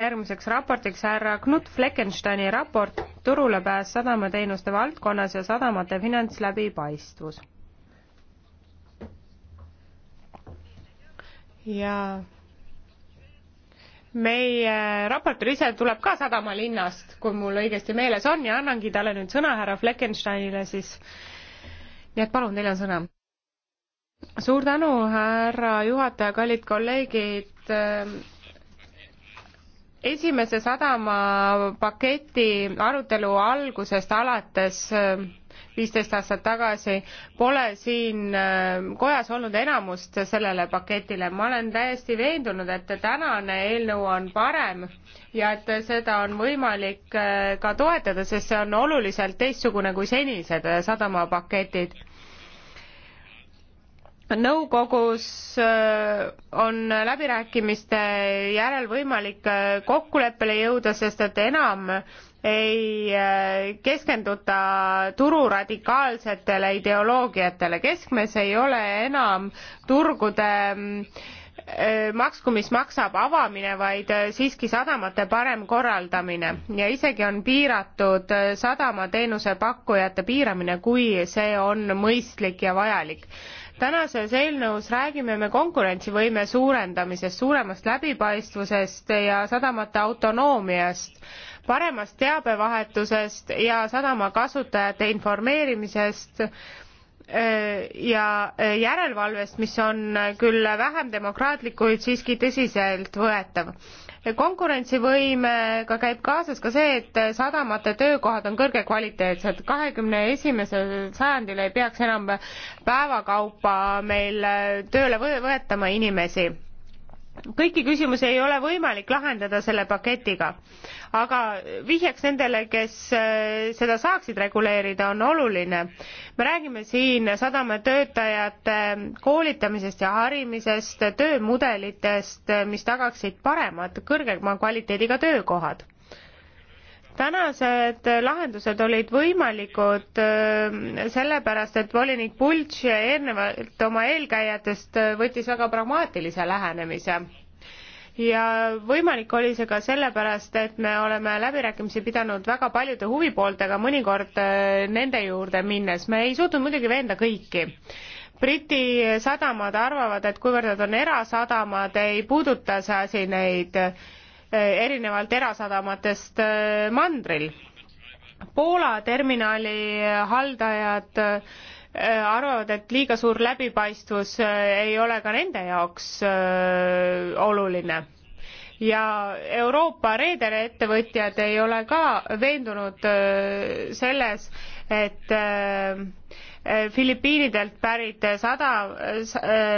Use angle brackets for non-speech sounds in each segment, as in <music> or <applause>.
järgmiseks raportiks härra Knut Fleckensteini raport Turulepääs sadamateenuste valdkonnas ja sadamate finantsläbipaistvus. ja meie raportöör ise tuleb ka sadamalinnast, kui mul õigesti meeles on ja annangi talle nüüd sõna härra Fleckensteinile siis. nii et palun, teil on sõna suur tänu, härra juhataja, kallid kolleegid esimese sadama paketi arutelu algusest alates viisteist aastat tagasi pole siin äh, kojas olnud enamust sellele paketile. ma olen täiesti veendunud, et tänane eelnõu on parem ja et seda on võimalik äh, ka toetada, sest see on oluliselt teistsugune kui senised äh, sadamapaketid nõukogus äh, on läbirääkimiste järel võimalik äh, kokkuleppele jõuda, sest et enam ei äh, keskenduta turu radikaalsetele ideoloogiatele, keskmes ei ole enam turgude mm, maksku, mis maksab avamine, vaid siiski sadamate parem korraldamine ja isegi on piiratud sadamateenuse pakkujate piiramine, kui see on mõistlik ja vajalik tänases eelnõus räägime me konkurentsivõime suurendamisest, suuremast läbipaistvusest ja sadamate autonoomiast, paremast teabevahetusest ja sadama kasutajate informeerimisest eh, ja eh, järelevalvest, mis on küll vähem demokraatlik, kuid siiski tõsiseltvõetav konkurentsivõimega käib kaasas ka see, et sadamate töökohad on kõrgekvaliteetsed. kahekümne esimesel sajandil ei peaks enam päevakaupa meil tööle võetama inimesi kõiki küsimusi ei ole võimalik lahendada selle paketiga, aga vihjeks nendele, kes äh, seda saaksid reguleerida, on oluline. me räägime siin sadamatöötajate koolitamisest ja harimisest, töömudelitest, mis tagaksid paremad, kõrgema kvaliteediga töökohad tänased lahendused olid võimalikud ähm, sellepärast, et volinik Pultš eelnevalt oma eelkäijatest äh, võttis väga pragmaatilise lähenemise ja võimalik oli see ka sellepärast, et me oleme läbirääkimisi pidanud väga paljude huvipooltega, mõnikord äh, nende juurde minnes. me ei suutnud muidugi veenda kõiki. Briti sadamad arvavad, et kuivõrd nad on erasadamad, ei puuduta see asi neid erinevalt erasadamatest äh, mandril. Poola terminali haldajad äh, arvavad, et liiga suur läbipaistvus äh, ei ole ka nende jaoks oluline ja Euroopa reederettevõtjad ei ole ka veendunud selles, et Filipiinidelt pärit sada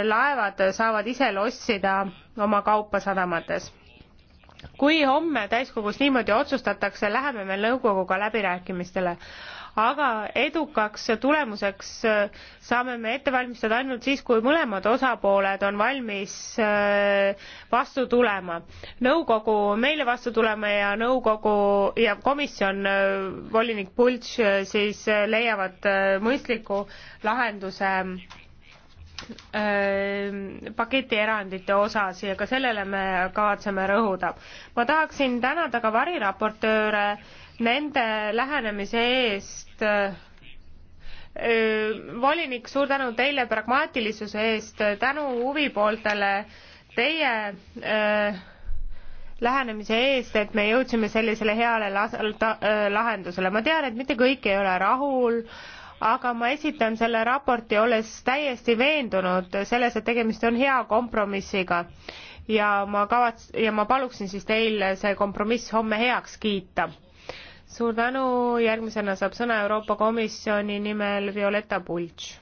laevad saavad ise lossida oma kaupa sadamates kui homme täiskogus niimoodi otsustatakse, läheme me nõukoguga läbirääkimistele. aga edukaks tulemuseks äh, saame me ette valmistada ainult siis, kui mõlemad osapooled on valmis äh, vastu tulema. nõukogu meile vastu tulema ja nõukogu ja komisjon, äh, volinik Pultš siis leiavad mõistliku lahenduse paketierandite osas ja ka sellele me kavatseme rõhuda. ma tahaksin tänada ka variraportööre nende lähenemise eest. volinik, suur tänu teile pragmaatilisuse eest, tänu huvipooltele teie öö, lähenemise eest, et me jõudsime sellisele heale lahendusele. ma tean, et mitte kõik ei ole rahul äh, aga ma esitan selle raporti, olles täiesti veendunud selles, et tegemist on hea kompromissiga ja ma kavats- ja ma paluksin siis teil see kompromiss homme heaks kiita. suur tänu, järgmisena saab sõna Euroopa Komisjoni nimel Violeta Bultš.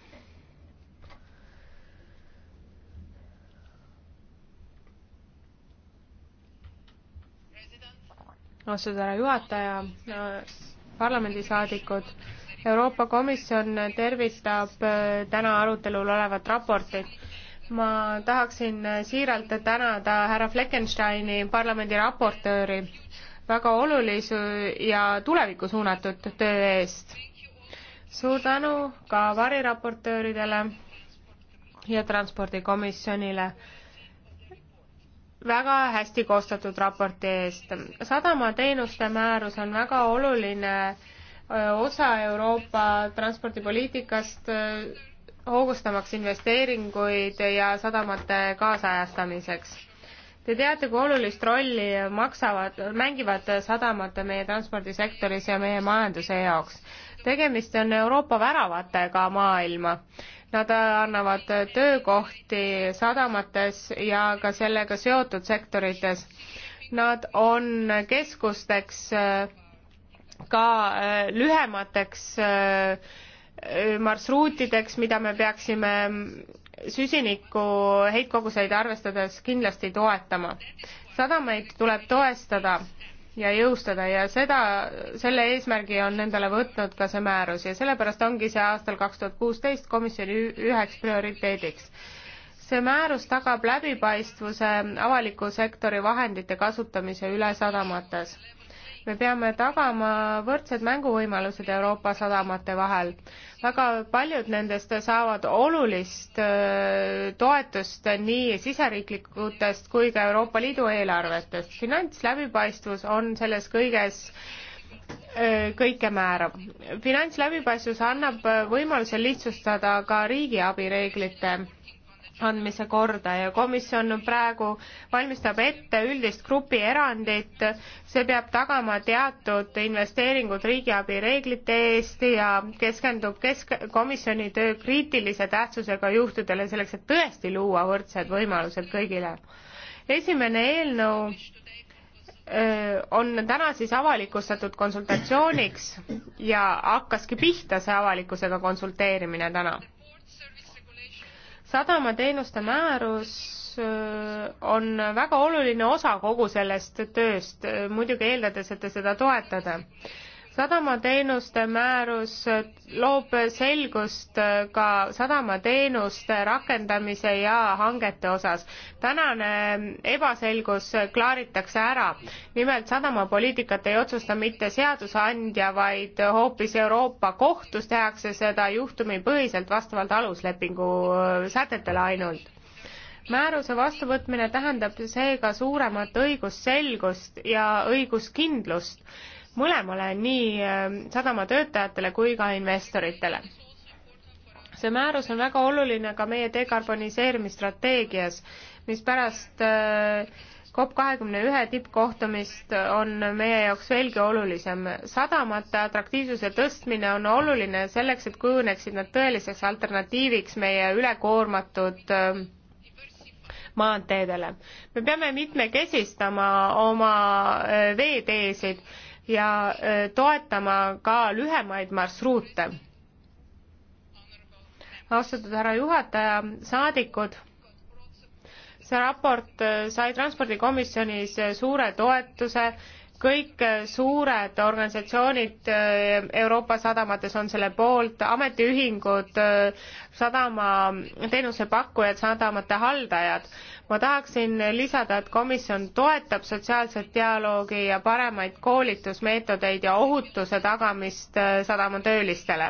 austatud härra juhataja, parlamendisaadikud Euroopa Komisjon tervitab äh, täna arutelul olevat raportit. ma tahaksin siiralt tänada härra Fleckensteini, parlamendi raportööri, väga olulise ja tulevikku suunatud töö eest. suur tänu ka variraportööridele ja transpordikomisjonile väga hästi koostatud raporti eest. sadamateenuste määrus on väga oluline äh, osa Euroopa transpordipoliitikast, hoogustamaks investeeringuid ja sadamate kaasajastamiseks Te teate, kui olulist rolli maksavad, mängivad sadamad meie transpordisektoris ja meie majanduse jaoks. tegemist on Euroopa väravatega maailma. Nad annavad töökohti sadamates ja ka sellega seotud sektorites. Nad on keskusteks ka äh, lühemateks äh, äh, marsruutideks, mida me peaksime mm, süsiniku heitkoguseid arvestades kindlasti toetama. sadamaid tuleb toestada ja jõustada ja seda, selle eesmärgi on endale võtnud ka see määrus ja sellepärast ongi see aastal kaks tuhat kuusteist komisjoni üheks prioriteediks. see määrus tagab läbipaistvuse avaliku sektori vahendite kasutamise üle sadamates me peame tagama võrdsed mänguvõimalused Euroopa sadamate vahel. väga paljud nendest saavad olulist äh, toetust nii siseriiklikutest kui ka Euroopa Liidu eelarvetest. finantsläbipaistvus on selles kõiges äh, kõike määrav. finantsläbipaistvus annab võimaluse lihtsustada ka riigiabi reeglite andmise korda ja komisjon praegu valmistab ette üldist grupierandit, see peab tagama teatud investeeringud riigiabi reeglite eest ja keskendub kesk-, komisjoni töö kriitilise tähtsusega juhtudele, selleks et tõesti luua võrdsed võimalused kõigile. esimene eelnõu on täna siis avalikustatud konsultatsiooniks ja hakkaski pihta see avalikkusega konsulteerimine täna sadamateenuste määrus äh, on väga oluline osa kogu sellest tööst, äh, muidugi eeldades, et te seda toetate sadamateenuste määrus loob selgust äh, ka sadamateenuste rakendamise ja hangete osas. tänane ähm, ebaselgus äh, klaaritakse ära. nimelt sadamapoliitikat ei otsusta mitte seadusandja, vaid hoopis Euroopa Kohtus tehakse seda juhtumipõhiselt vastavalt aluslepingu äh, sätetele ainult määruse vastuvõtmine tähendab seega suuremat õigusselgust ja õiguskindlust mõlemale, nii ähm, sadamatöötajatele kui ka investoritele. see määrus on väga oluline ka meie dekarboniseerimisstrateegias, mis pärast äh, COP kahekümne ühe tippkohtumist on meie jaoks veelgi olulisem. sadamate atraktiivsuse tõstmine on oluline selleks, et kujuneksid nad tõeliseks alternatiiviks meie ülekoormatud ähm, maanteedele. me peame mitmekesistama oma äh, veeteesid ja äh, toetama ka lühemaid marsruute. austatud härra juhataja, saadikud, see raport äh, sai transpordikomisjonis äh, suure toetuse, kõik suured organisatsioonid Euroopa sadamates on selle poolt, ametiühingud, sadama teenusepakkujad, sadamate haldajad ma tahaksin lisada, et komisjon toetab sotsiaalset dialoogi ja paremaid koolitusmeetodeid ja ohutuse tagamist äh, sadamatöölistele.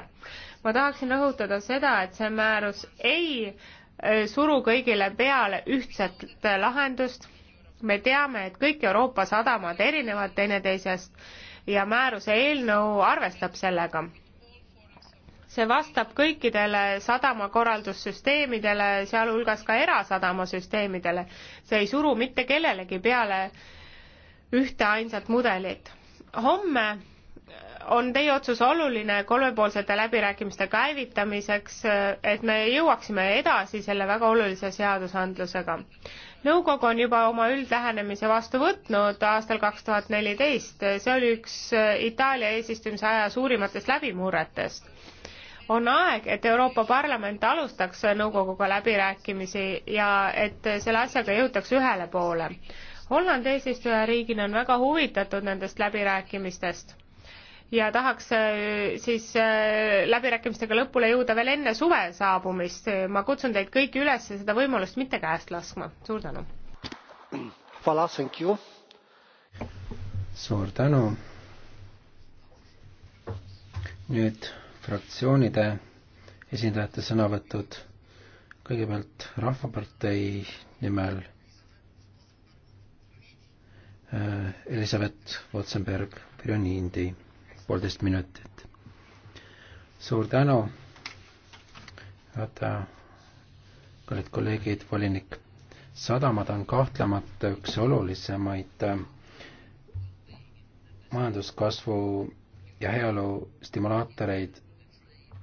ma tahaksin rõhutada seda, et see määrus ei äh, suru kõigile peale ühtset äh, lahendust. me teame, et kõik Euroopa sadamad erinevad teineteisest ja määruse eelnõu arvestab sellega see vastab kõikidele sadamakorraldussüsteemidele, sealhulgas ka erasadamasüsteemidele. see ei suru mitte kellelegi peale ühte ainsat mudelit. homme on teie otsus oluline kolmepoolsete läbirääkimiste käivitamiseks, et me jõuaksime edasi selle väga olulise seadusandlusega. nõukogu on juba oma üldlähenemise vastu võtnud aastal kaks tuhat neliteist, see oli üks Itaalia eesistumise aja suurimatest läbimurretest on aeg, et Euroopa Parlament alustaks nõukoguga läbirääkimisi ja et selle asjaga jõutaks ühele poole. Holland eesistujariigina on väga huvitatud nendest läbirääkimistest ja tahaks äh, siis äh, läbirääkimistega lõpule jõuda veel enne suve saabumist. ma kutsun teid kõiki üles seda võimalust mitte käest laskma. suur tänu. suur tänu. nüüd fraktsioonide esindajate sõnavõtud. kõigepealt Rahvapartei nimel äh, Elisabeth Otsenberg, Pionindi, poolteist minutit. suur tänu, vaata, kallid kolleegid, volinik sadamad on kahtlemata üks olulisemaid äh, majanduskasvu ja heaolu stimulaatoreid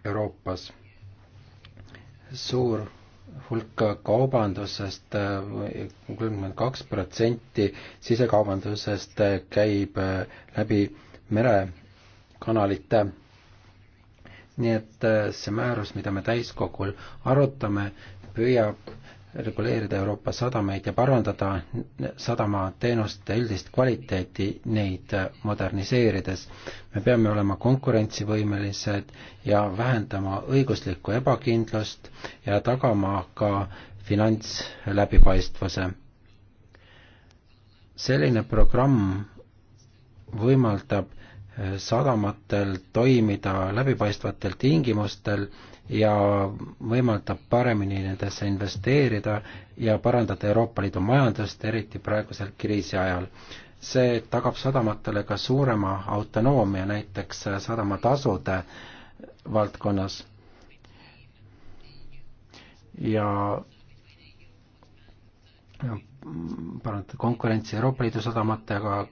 Euroopas. suur hulk kaubandusest, kolmkümmend kaks protsenti sisekaubandusest käib läbi merekanalite. nii et see määrus, mida me täiskogul arutame, püüab reguleerida Euroopa sadamaid ja parandada sadamateenuste üldist kvaliteeti neid moderniseerides. me peame olema konkurentsivõimelised ja vähendama õiguslikku ebakindlust ja tagama ka finantsläbipaistvuse. selline programm võimaldab sadamatel toimida läbipaistvatel tingimustel ja võimaldab paremini nendesse investeerida ja parandada Euroopa Liidu majandust, eriti praegusel kriisi ajal. see tagab sadamatele ka suurema autonoomia näiteks sadamatasude valdkonnas ja parandada konkurentsi Euroopa Liidu sadamatega,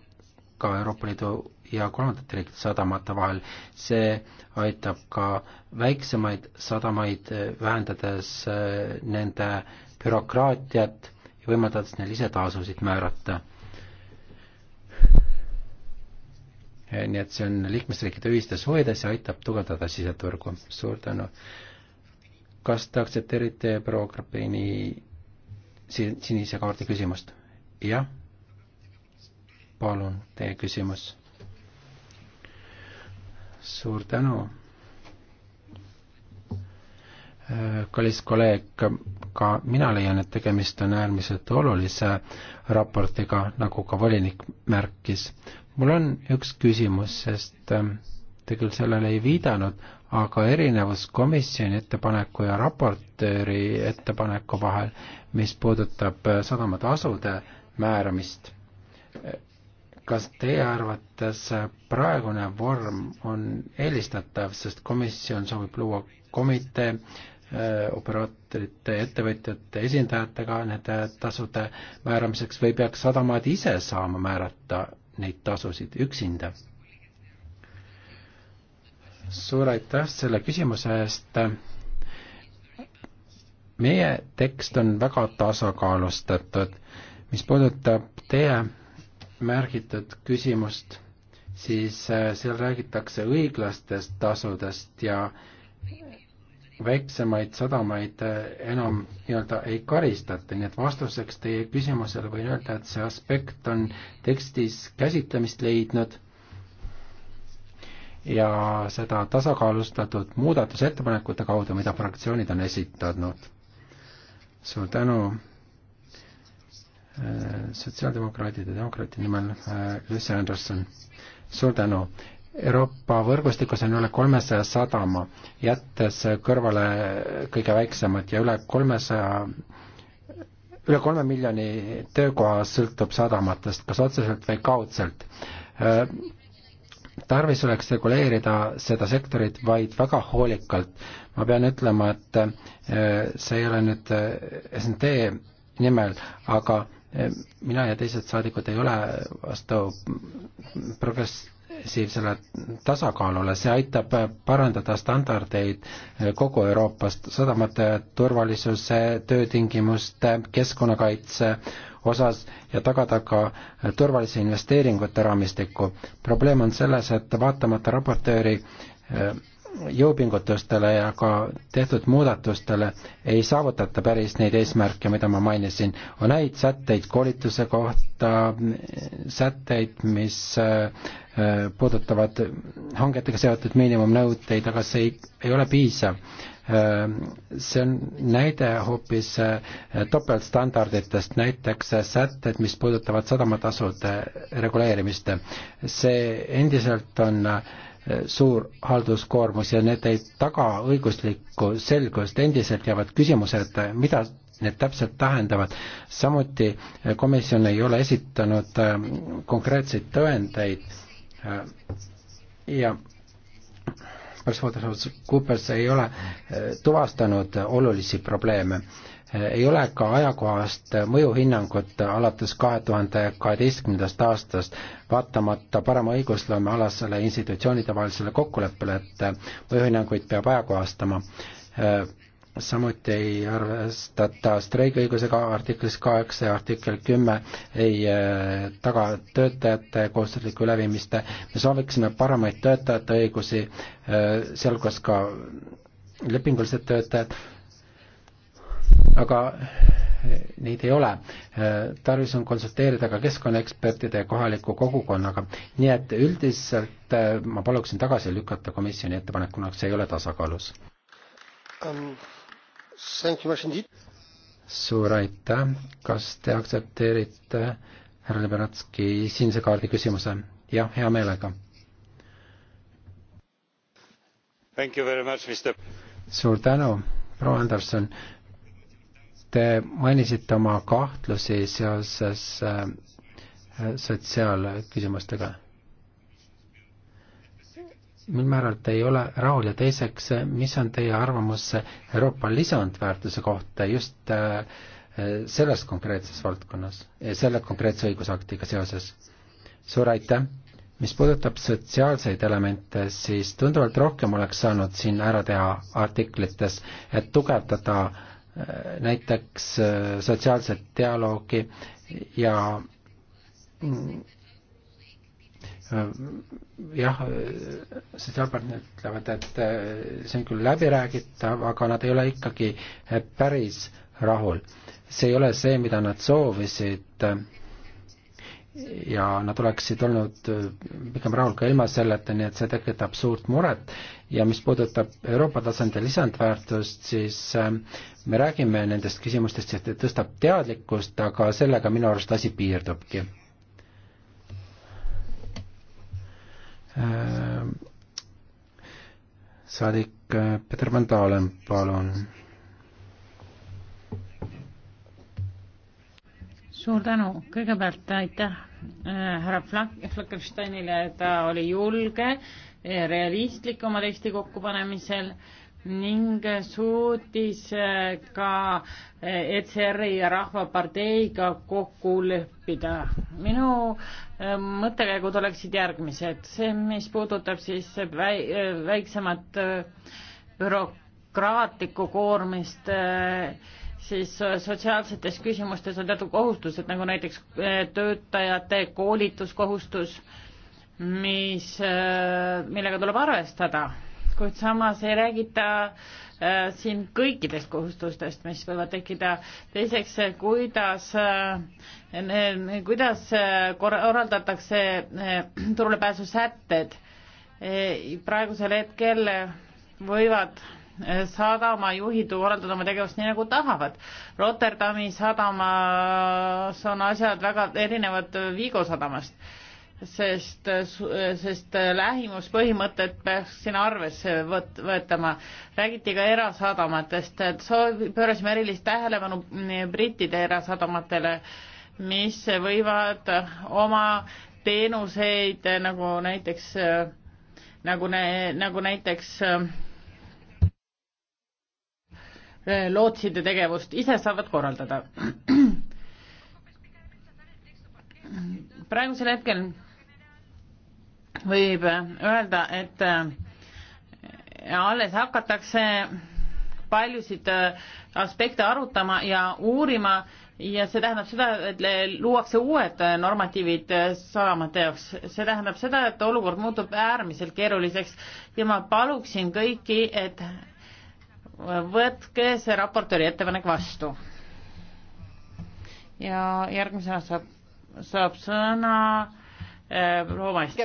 ka Euroopa Liidu ja kolmandate riikide sadamate vahel. see aitab ka väiksemaid sadamaid, eh, vähendades eh, nende bürokraatiat ja võimaldades neil ise tasusid määrata. Eh, nii et see on liikmesriikide ühistes huvides ja aitab tugevdada siseturgu. suur tänu. kas te aktsepteerite proua Krapini sinise kaardi küsimust? jah palun, teie küsimus suur tänu. Äh, kallis kolleeg, ka mina leian, et tegemist on äärmiselt olulise raportiga, nagu ka volinik märkis. mul on üks küsimus, sest ähm, te küll sellele ei viidanud, aga erinevus komisjoni ettepaneku ja raportööri ettepaneku vahel, mis puudutab äh, sadamatasude määramist, äh, kas teie arvates praegune vorm on eelistatav, sest komisjon soovib luua komitee äh, operaatorite, ettevõtjate esindajatega nende tasude määramiseks või peaks sadamad ise saama määrata neid tasusid üksinda? suur aitäh selle küsimuse eest. meie tekst on väga tasakaalustatud. mis puudutab teie märgitud küsimust, siis äh, seal räägitakse õiglastest tasudest ja väiksemaid sadamaid äh, enam nii-öelda ei karistata, nii et vastuseks teie küsimusele võin öelda, et see aspekt on tekstis käsitlemist leidnud ja seda tasakaalustatud muudatusettepanekute kaudu, mida fraktsioonid on esitanud. suur tänu Äh, sotsiaaldemokraadide demokraati nimel äh, Lucy Anderson. suur tänu. Euroopa võrgustikus on üle kolmesaja sadama, jättes kõrvale kõige väiksemad ja üle kolmesaja 300 üle kolme miljoni töökoha sõltub sadamatest, kas otseselt või kaudselt. Äh, tarvis oleks reguleerida seda sektorit vaid väga hoolikalt. ma pean ütlema, et see ei ole nüüd SMT nimel, aga mina ja teised saadikud ei ole vastu progressiivsele tasakaalule, see aitab parandada standardeid kogu Euroopast sadamate turvalisuse, töötingimuste, keskkonnakaitse osas ja tagada ka turvalise investeeringute raamistikku. probleem on selles, et vaatamata raportööri jõupingutustele ja ka tehtud muudatustele ei saavutata päris neid eesmärke, mida ma mainisin. on häid sätteid koolituse kohta, sätteid, mis äh, puudutavad hangetega seotud miinimumnõudeid, aga see ei, ei ole piisav. Äh, see on näide hoopis äh, topeltstandarditest, näiteks sätted, mis puudutavad sadamatasude reguleerimist. see endiselt on äh, suur halduskoormus ja need ei taga õiguslikku selgust, endiselt jäävad küsimused, mida need täpselt tähendavad. samuti komisjon ei ole esitanud äh, konkreetseid tõendeid äh, ja PricewaterhouseCoopers ei ole äh, tuvastanud olulisi probleeme ei ole ka ajakohast mõjuhinnangut alates kahe tuhande kaheteistkümnendast aastast, vaatamata parema õigusloome alasele institutsioonide vahelisele kokkuleppele, et mõjuhinnanguid peab ajakohastama. samuti ei arvestata streigiõigusega artiklis kaheksa ja artikkel kümme ei taga töötajate kohustuslikku lävimist. me sooviksime paremaid töötajate õigusi, sealhulgas ka lepingulised töötajad aga eh, neid ei ole. Eh, tarvis on konsulteerida ka keskkonnaekspertide ja kohaliku kogukonnaga. nii et üldiselt eh, ma paluksin tagasi lükata komisjoni ettepanek, kuna see ei ole tasakaalus um,. suur aitäh, kas te aktsepteerite härra Liberatski sinise kaardi küsimuse? jah, hea meelega. suur tänu, proua Anderson Te mainisite oma kahtlusi seoses äh, sotsiaalküsimustega. mil määral te ei ole rahul ja teiseks, mis on teie arvamus Euroopa lisandväärtuse kohta just äh, selles konkreetses valdkonnas, äh, selle konkreetse õigusaktiga seoses? suur aitäh! mis puudutab sotsiaalseid elemente, siis tunduvalt rohkem oleks saanud siin ära teha artiklites, et tugevdada äh, näiteks äh, sotsiaalset dialoogi ja äh, jah, sotsiaalpartnerid ütlevad, et äh, see on küll läbiräägitav, aga nad ei ole ikkagi päris rahul. see ei ole see, mida nad soovisid äh, ja nad oleksid olnud äh, pigem rahul ka ilma selleta, nii et see tekitab suurt muret ja mis puudutab Euroopa tasandil lisandväärtust, siis äh, me räägime nendest küsimustest, sest tõstab teadlikkust, aga sellega minu arust asi piirdubki. Äh, saadik Peter Van Dalen, palun suur tänu, kõigepealt aitäh äh, härra Flak-, Flakensteinile, ta oli julge, realistlik oma teksti kokkupanemisel ning suutis äh, ka äh, ECR-i ja Rahvaparteiga kokku leppida. minu mõttekäigud oleksid järgmised, see, mis puudutab siis väi-, väiksemat bürokraatlikku koormist äh, siis äh, sotsiaalsetes küsimustes on teatud kohustused, nagu näiteks äh, töötajate koolituskohustus, mis, äh, millega tuleb arvestada, kuid samas ei räägita siin kõikidest kohustustest, mis võivad tekkida. teiseks, kuidas, kuidas korraldatakse turulepääsusätted. praegusel hetkel võivad sadamajuhid korraldada oma tegevust nii, nagu tahavad. Rotterdami sadamas on asjad väga erinevad Vigo sadamast, sest, sest lähimuspõhimõtet peaks sinna arvesse võt-, võtama. räägiti ka erasadamatest, et soov-, pöörasime erilist tähelepanu brittide erasadamatele, mis võivad oma teenuseid nagu näiteks, nagu, nagu näiteks Äh, lootside tegevust ise saavad korraldada. praegusel hetkel võib öelda, et äh, alles hakatakse paljusid äh, aspekte arutama ja uurima ja see tähendab seda, et luuakse uued normatiivid sadamate jaoks. see tähendab seda, et olukord muutub äärmiselt keeruliseks ja ma paluksin kõiki, et võtke see raportööri ettepanek vastu. ja järgmisena saab, saab sõna äh, proua Maist.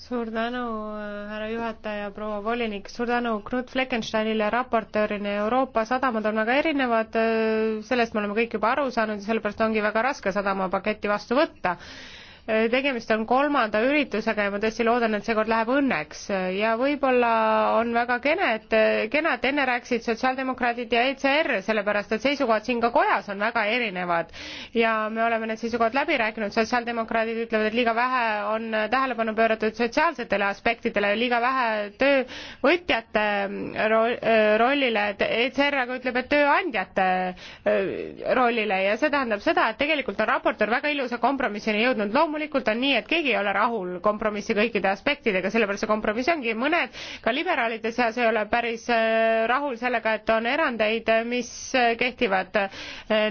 suur tänu, äh, härra juhataja, proua volinik, suur tänu Knut Fleckensteinile, raportöörina Euroopa sadamad on väga erinevad, äh, sellest me oleme kõik juba aru saanud ja sellepärast ongi väga raske sadamapaketti vastu võtta tegemist on kolmanda üritusega ja ma tõesti loodan, et seekord läheb õnneks ja võib-olla on väga kene, et, kena, et enne rääkisid sotsiaaldemokraadid ja ECR, sellepärast et seisukohad siin ka kojas on väga erinevad ja me oleme need seisukohad läbi rääkinud, sotsiaaldemokraadid ütlevad, et liiga vähe on tähelepanu pööratud sotsiaalsetele aspektidele, liiga vähe töövõtjate rollile, et ECR aga ütleb, et tööandjate äh, rollile ja see tähendab seda, et tegelikult on raportöör väga ilusa kompromissini jõudnud, loomulikult on nii, et keegi ei ole rahul kompromissi kõikide aspektidega, sellepärast see kompromiss ongi, mõned ka liberaalide seas ei ole päris äh, rahul sellega, et on erandeid, mis äh, kehtivad äh,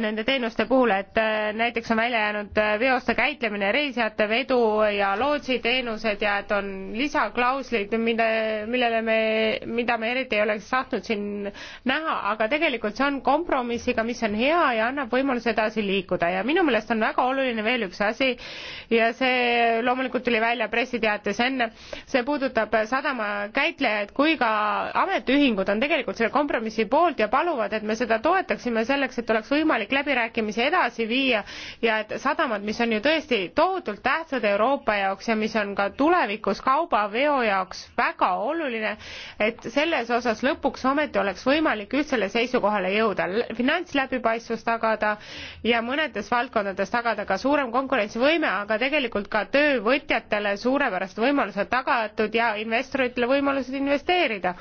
nende teenuste puhul, et näiteks on välja jäänud veoste käitlemine, reisijate vedu ja lootsiteenused ja et on lisaklauslid, mille, millele me, mida me eriti ei oleks tahtnud siin näha, aga tegelikult see on kompromissiga, mis on hea ja annab võimaluse edasi liikuda ja minu meelest on väga oluline veel üks asi ja see loomulikult tuli välja pressiteates enne. see puudutab sadamakäitlejaid kui ka ametiühingud on tegelikult selle kompromissi poolt ja paluvad, et me seda toetaksime selleks, et oleks võimalik läbirääkimisi edasi viia ja et sadamad, mis on ju tõesti tohutult tähtsad Euroopa jaoks ja mis on ka tulevikus kaubaveo jaoks väga oluline, et selles osas lõpuks ometi oleks võimalik ühtsele seisukohale jõuda, finantsläbipaistvus tagada ja mõnedes valdkondades tagada ka suurem konkurentsivõime, aga tegelikult ka töövõtjatele suurepärased võimalused tagatud ja investoritele võimalused investeerida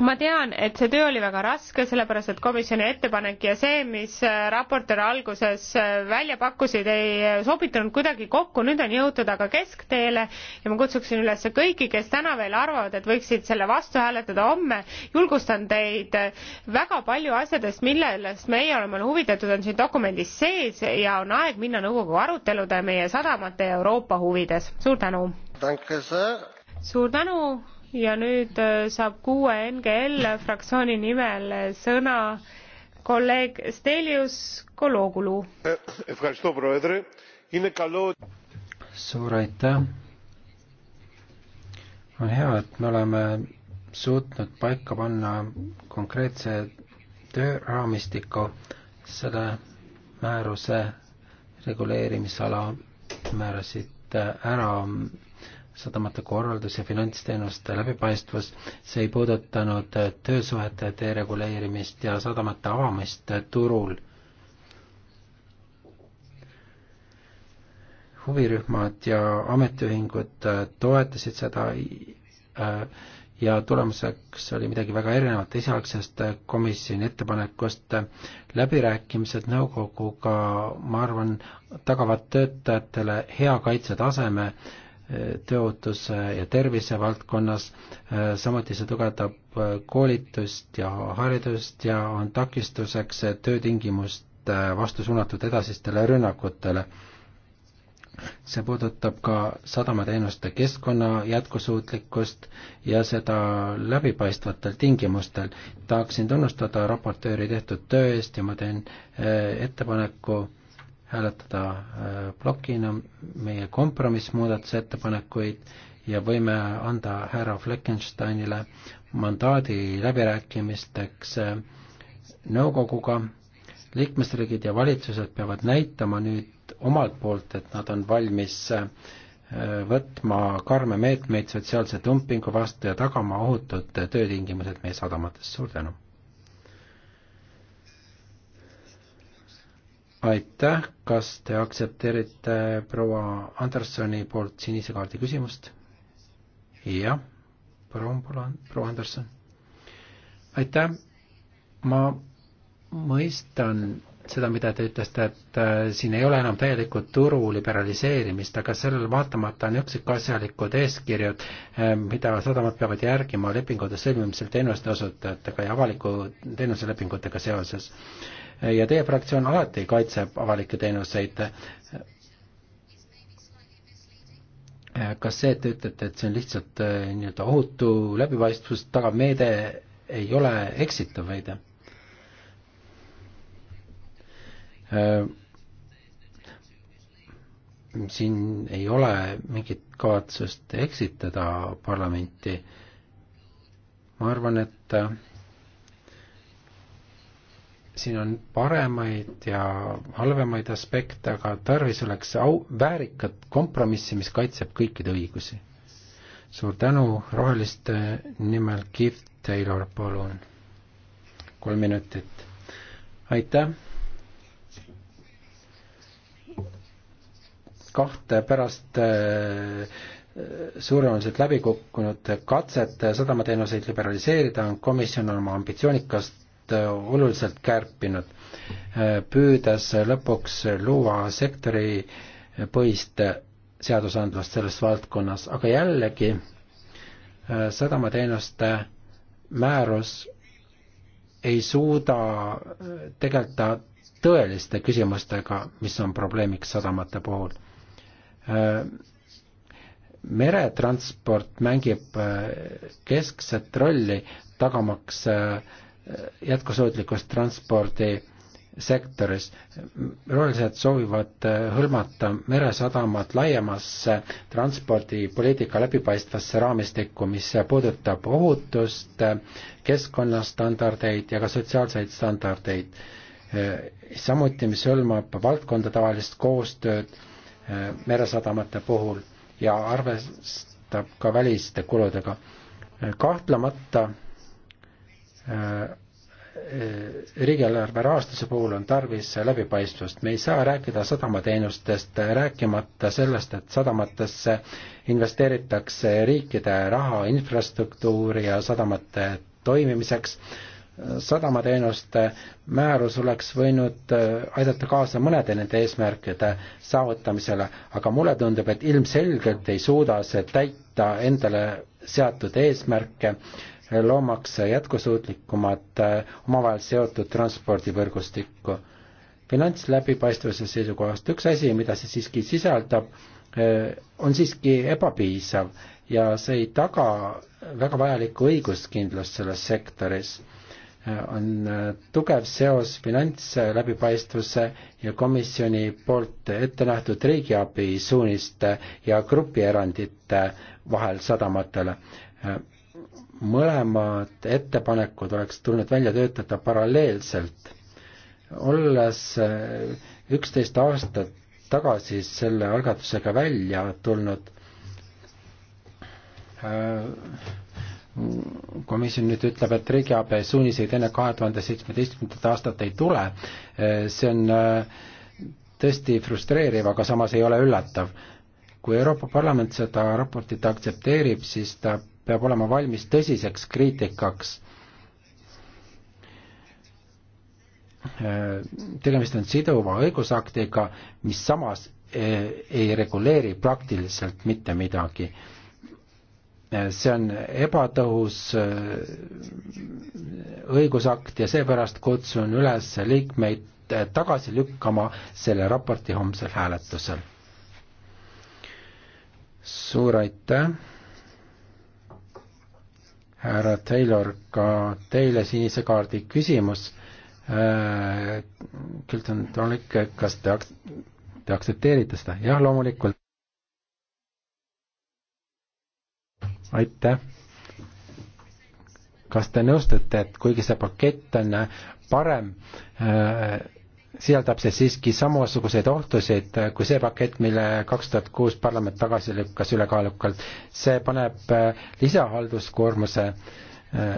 ma tean, et see töö oli väga raske, sellepärast et komisjoni ettepanek ja see, mis äh, raportöör alguses äh, välja pakkusid, ei äh, sobitunud kuidagi kokku, nüüd on jõutud aga keskteele ja ma kutsuksin üles kõiki, kes täna veel arvavad, et võiksid selle vastu hääletada homme, julgustan teid, väga palju asjadest, millest meie oleme huvitatud, on siin dokumendis sees ja on aeg minna nõukogu arutelude meie sadamate ja Euroopa huvides. suur tänu! suur tänu! ja nüüd äh, saab kuue NGL fraktsiooni nimel sõna kolleeg Stelius Kologulu. suur aitäh. on hea, et me oleme suutnud paika panna konkreetse tööraamistiku selle määruse reguleerimisala määrasid ära sadamate korraldus ja finantsteenuste läbipaistvus, see ei puudutanud töösuhete dereguleerimist ja sadamate avamist turul. huvirühmad ja ametiühingud toetasid seda ja tulemuseks oli midagi väga erinevat esialgsest komisjoni ettepanekust. läbirääkimised nõukoguga, ma arvan, tagavad töötajatele hea kaitsetaseme äh, tööotuse ja tervise valdkonnas, samuti see tugevdab koolitust ja haridust ja on takistuseks töötingimuste vastu suunatud edasistele rünnakutele. see puudutab ka sadamateenuste keskkonna jätkusuutlikkust ja seda läbipaistvatel tingimustel. tahaksin tunnustada raportööri tehtud töö eest ja ma teen eh, ettepaneku äh, hääletada äh, plokina meie kompromissmuudatusettepanekuid ja võime anda härra Fleckensteinile mandaadi läbirääkimisteks äh, nõukoguga. liikmesriigid ja valitsused peavad näitama nüüd omalt poolt, et nad on valmis äh, võtma karme meetmeid sotsiaalse dumpingu vastu ja tagama ohutud töötingimused meie sadamates. suur tänu! aitäh, kas te aktsepteerite proua Andersoni poolt sinise kaardi küsimust? jah, proua, proua Anderson. aitäh, ma mõistan seda, mida te ütlesite, et äh, siin ei ole enam täielikku turu liberaliseerimist, aga sellele vaatamata on üksikasjalikud eeskirjad, äh, mida sadamad peavad järgima lepingute sõlmimisel teenuste osutajatega ja avaliku teenuselepingutega seoses ja teie fraktsioon alati kaitseb avalikke teenuseid. kas see, et te ütlete, et see on lihtsalt äh, nii-öelda ohutu läbipaistvust tagav meede, ei ole eksitav väide? Äh, siin ei ole mingit kavatsust eksitada parlamenti. ma arvan, et äh, siin on paremaid ja halvemaid aspekte, aga tarvis oleks au, väärikat kompromissi, mis kaitseb kõikide õigusi. suur tänu, roheliste nimel Keith Taylor, palun. kolm minutit. aitäh. kahte pärast äh, suuremaselt läbi kukkunud katset sadamateenuseid liberaliseerida on komisjon oma ambitsioonikast Äh, oluliselt kärpinud, äh, püüdes lõpuks luua sektori põhist seadusandlust selles valdkonnas, aga jällegi äh, sadamateenuste määrus ei suuda tegeleda tõeliste küsimustega, mis on probleemiks sadamate puhul. meretransport mängib keskset rolli, tagamaks äh, jätkusuutlikust transpordisektoris. rohelised soovivad äh, hõlmata meresadamad laiemasse transpordipoliitika läbipaistvasse raamistikku, mis puudutab ohutust, keskkonnastandardeid ja ka sotsiaalseid standardeid. Äh, samuti, mis hõlmab valdkondadavalist koostööd äh, meresadamate puhul ja arvestab ka väliste kuludega. kahtlemata Äh, äh, riigieelarve rahastuse puhul on tarvis läbipaistvust. me ei saa rääkida sadamateenustest, rääkimata sellest, et sadamatesse investeeritakse riikide raha infrastruktuuri ja sadamate toimimiseks. sadamateenuste määrus oleks võinud äh, aidata kaasa mõnede nende eesmärkide saavutamisele, aga mulle tundub, et ilmselgelt ei suuda see täita endale seatud eesmärke loomaks jätkusuutlikumat eh, omavahel seotud transpordivõrgustikku. finantsläbipaistvuse seisukohast üks asi, mida see siiski sisaldab, eh, on siiski ebapiisav ja see ei taga väga vajalikku õiguskindlust selles sektoris. Eh, on tugev seos finantsläbipaistvuse ja komisjoni poolt ette nähtud riigiabi suuniste ja grupierandite vahel sadamatele mõlemad ettepanekud oleks tulnud välja töötada paralleelselt. olles äh, üksteist aastat tagasi selle algatusega välja tulnud, äh, komisjon nüüd ütleb, et riigiabi suuniseid enne kahe tuhande seitsmeteistkümnendat aastat ei tule, äh, see on tõesti frustreeriv, aga samas ei ole üllatav. kui Euroopa Parlament seda raportit aktsepteerib, siis ta peab olema valmis tõsiseks kriitikaks. tegemist on siduva õigusaktiga, mis samas eh, ei reguleeri praktiliselt mitte midagi. see on ebatõhus eh, õigusakt ja seepärast kutsun üles liikmeid eh, tagasi lükkama selle raporti homsel hääletusel. suur aitäh! härra Taylor, ka teile sinise kaardi küsimus. Äh, Külton Tolik, kas te, te aktsepteerite seda? jah, loomulikult. aitäh. kas te nõustute, et kuigi see pakett on parem äh, sisaldab see siiski samasuguseid ohtusid kui see pakett, mille kaks tuhat kuus parlament tagasi lükkas ülekaalukalt. see paneb äh, lisahalduskoormuse äh,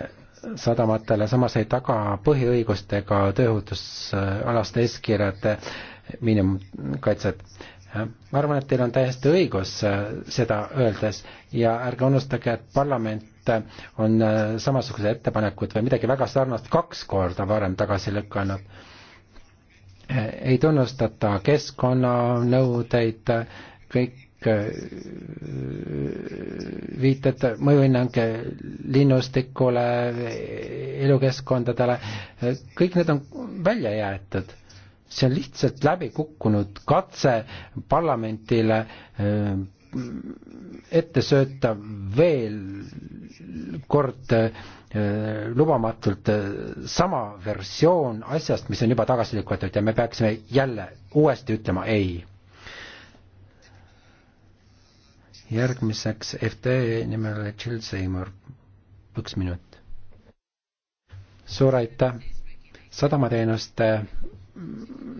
sadamatele, samas ei taga põhiõigustega tööohutusalaste eeskirjade miinimumkaitset. Äh, ma arvan, et teil on täiesti õigus seda öeldes ja ärge unustage, et parlament on samasugused ettepanekud või midagi väga sarnast kaks korda varem tagasi lükanud Eh, ei tunnustata keskkonnanõudeid, kõik eh, viited mõjuhinnang linnustikule, elukeskkondadele, eh, kõik need on välja jäetud. see on lihtsalt läbikukkunud katse parlamendile ette sööta veel kord Äh, lubamatult äh, sama versioon asjast, mis on juba tagasi lükatud ja me peaksime jälle uuesti ütlema ei. järgmiseks FD nimel Jill Seymour, üks minut. suur aitäh, sadamateenuste